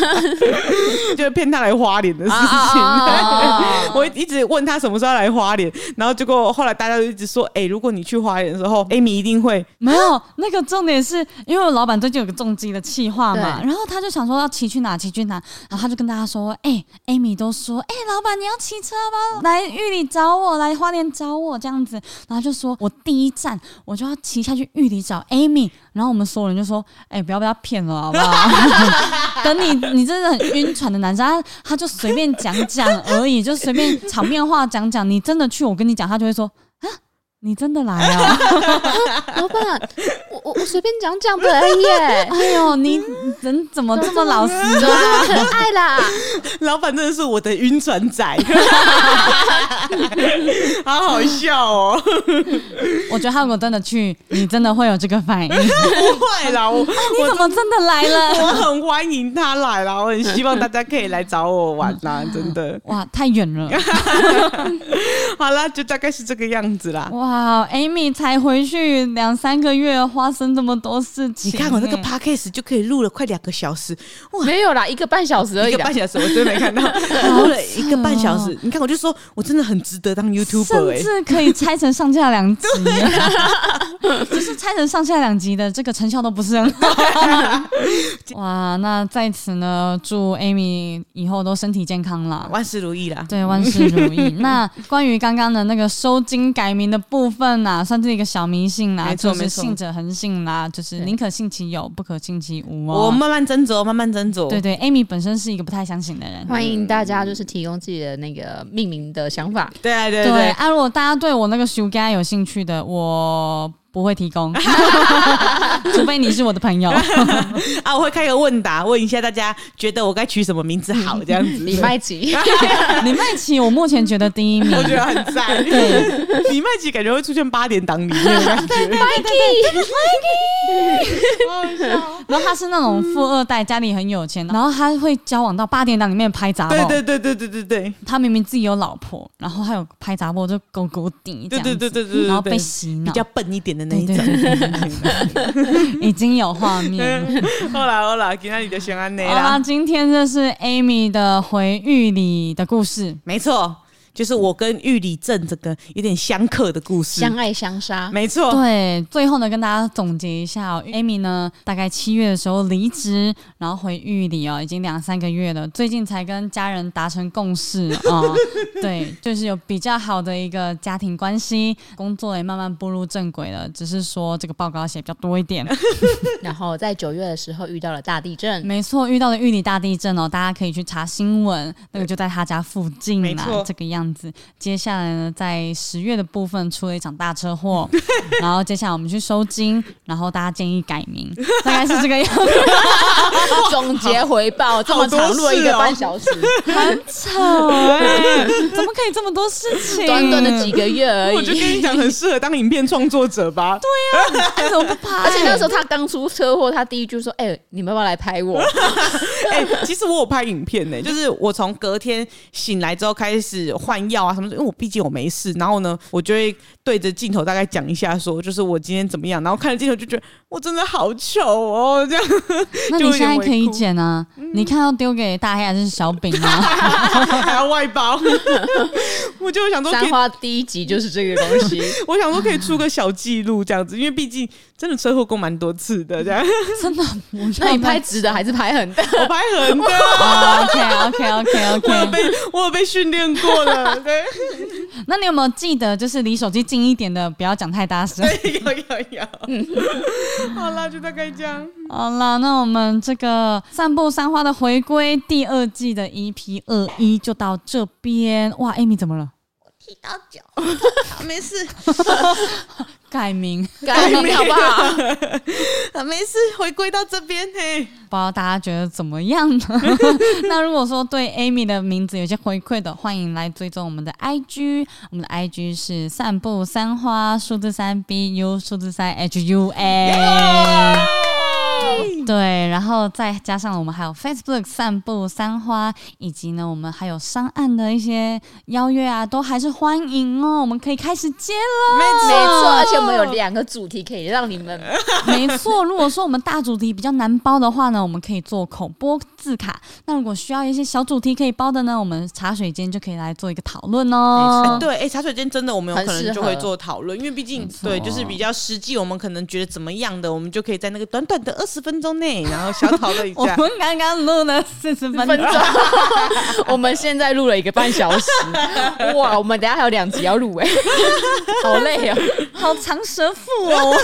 就是騙他來花蓮的事情。我一直問他什麼時候來花蓮，然後結果後來大家都一直說：哎，如果你去花蓮的時候，Amy 一定會沒有。那個重點是因為我老闆最近有個重機的企劃嘛，然後他就想說要騎去哪騎去哪，然後他就跟大家說：哎，Amy。你都說，哎、欸，老板，你要騎車嗎？來玉里找我，來花蓮找我，這樣子，然後就說，我第一站我就要騎下去玉里找 Amy，然後我們所有人就說，哎、欸，不要被他騙了，好不好？ 等你，你真的很暈船的男生，他他就隨便講講而已，就隨便場面話講講，你真的去，我跟你講，他就會說啊。你真的來了 啊，老闆，我我我隨便講講不哎 哎呦，你人怎麼這麼老實，啊？這麼可愛啦？老闆真的是我的暈船仔， 好好笑哦！ 我覺得他如果真的去，你真的會有這個反應， 不會啦我、 啊！你怎麼真的來了？ 我很歡迎他來了，我很希望大家可以來找我玩吶，真的。哇，太遠了。 好了，就大概是這個樣子啦。哇。啊、wow，Amy 才回去兩三個月，發生這麼多事情。你看我那個 podcast 就可以錄了快兩個小時，沒有啦，一個半小時，一個半小時，我真沒看到，錄 了一個半小時。 你看，我就說我真的很值得當 YouTuber，甚至可以拆成上下兩集，就 對、啊、 是拆成上下兩集的這個成效都不是很好。 哇，那在此呢，祝 Amy 以後都身體健康了，萬事如意了，對，萬事如意。 那關於剛剛的那個收金改名的部分。部分吶、啊，算是一個小迷信啦、啊。沒錯，沒錯，信者恆信啦。就是寧、啊、就是，可信其有，不可信其無哦。我慢慢斟酌，慢慢斟酌。對對，對，Amy 本身是一個不太相信的人，嗯。歡迎大家就是提供自己的那個命名的想法。對對對。對啊，如果大家對我那個 Sugar 有興趣的，我。不會提供， 除非你是我的朋友 啊！我會開個問答，問一下大家覺得我該取什麼名字好？這樣子是是，李麥琪， 李麥琪，我目前覺得第一名，我覺得很贊。對，李麥琪感覺會出現八點檔裡面。對，麥琪，麥琪。然後他是那種富二代、嗯，家裡很有錢，然後他會交往到八點檔裡面拍雜。對對對對對對對。他明明自己有老婆，然後還有拍雜播，就勾勾頂。這樣對對對對對，對對對對對。然後被洗腦，比較笨一點的。那對對對，對， 已經有畫面 好啦好啦，今天你就先安內啦。好，今天這是 Amy 的回玉里的故事。沒錯。就是我跟玉里鎮這個有點相克的故事，相愛相殺，沒錯。對，最後呢，跟大家總結一下哦，Amy 呢，大概七月的時候離職，然後回玉里哦，已經兩三個月了，最近才跟家人達成共識 哦，對，就是有比較好的一個家庭關係，工作也慢慢步入正軌了，只是說這個報告寫比較多一點。 然後在九月的時候遇到了大地震，沒錯，遇到了玉里大地震哦，大家可以去查新聞，那個就在他家附近啦，沒錯，這個樣子。這樣子，接下來呢，在十月的部分出了一場大車禍，然後接下來我們去收金，然後大家建議改名，大概是這個樣子。 總結回報這麼長，錄一個半小時，很吵哎，怎麼可以這麼多事情？ 短短的幾個月而已。我就跟你講，很適合當影片創作者吧？對呀、啊，我不怕、欸。而且那時候他剛出車禍，他第一句說：“哎、欸，你們要不要來拍我？”哎、 欸，其實我有拍影片呢、欸，就是我從隔天醒來之後開始換。換藥啊什麼？因為我畢竟我沒事，然後呢，我就會對着鏡頭大概講一下說，說就是我今天怎麼樣，然後看着鏡頭就覺得我真的好醜哦，這樣。那你現在可以剪啊？嗯。你看到丟給大黑還是小餅啊， 還要外包？ 我就想說，三花第一集就是這個東西。 我想說可以出個小記錄這樣子，因為畢竟真的車禍過蠻多次的，這樣 真的。那你拍直的還是拍橫的？我拍橫的、啊。Oh, OK OK OK OK，我有被我有被訓練過了。 對， 那你有沒有記得，就是離手機近一點的，不要講太大聲。 有有有，嗯， 好了，就大概這樣。 好了，那我們這個《散步三花》的回歸第二季的 EP 二一就到這邊。哇，Amy 怎麼了？踢到腳，沒事呵呵。改名，改名好不好？啊、沒事，回歸到這邊嘿、欸。不知道大家覺得怎麼樣呢？ 那如果說對 Amy 的名字有些回饋的，歡迎來追蹤我們的 IG，我們的 IG 是散步三花數字三 B U 數字三 H U A。對，然後再加上我們還有 Facebook 散步三花，以及呢，我們還有上岸的一些邀約啊，都還是歡迎哦。我們可以開始接了，沒錯，沒錯，而且我們有兩個主題可以讓你們 。沒錯，如果說我們大主題比較難包的話呢，我們可以做口播字卡。那如果需要一些小主題可以包的呢，我們茶水間就可以來做一個討論哦。沒錯哎、對，哎，茶水間真的我們有可能就會做討論，因為畢竟對，就是比較實際，我們可能覺得怎麼樣的，我們就可以在那個短短的二十分鐘，內，然後小討論一下。 我們剛剛錄了四十分鐘， 我們現在錄了一個半小時，哇！我們等下還有兩集要錄誒、欸。好累哦、喔， 好長舌婦哦。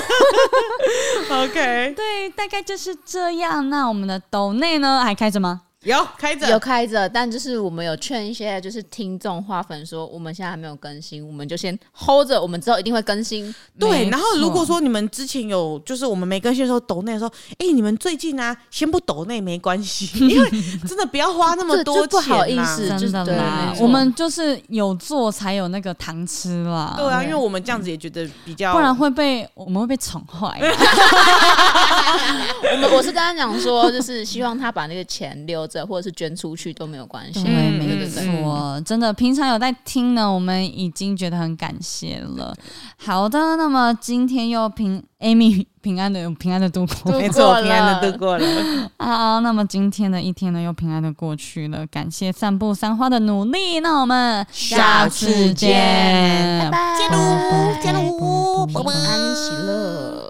OK，對，大概就是這樣。那我們的抖內呢，還開着嗎？有開着，有開着，但就是我們有勸一些就是聽眾花粉說，我們現在還沒有更新，我們就先 hold 着，我們之後一定會更新。對，然後如果說你們之前有就是我們沒更新的時候抖內說，時候，哎、欸，你們最近啊，先不抖內沒關係，因為真的不要花那麼多錢、啊， 不好意思，就真的對我們就是有做才有那個糖吃啦，對啊，因為我們這樣子也覺得比較，不然會被我們會被寵壞。 我們我是跟他講說，就是希望他把那個錢留。或者，是捐出去都沒有關係，嗯。沒錯，嗯、真的，平常有在聽呢，我們已經覺得很感謝了。好的，那麼今天又平 Amy 平安的平安的度過，沒錯，平安的度過了。過了 好，好，那麼今天的一天呢，又平安的過去了。 感謝散步三花的努力，那我們下次見，拜拜。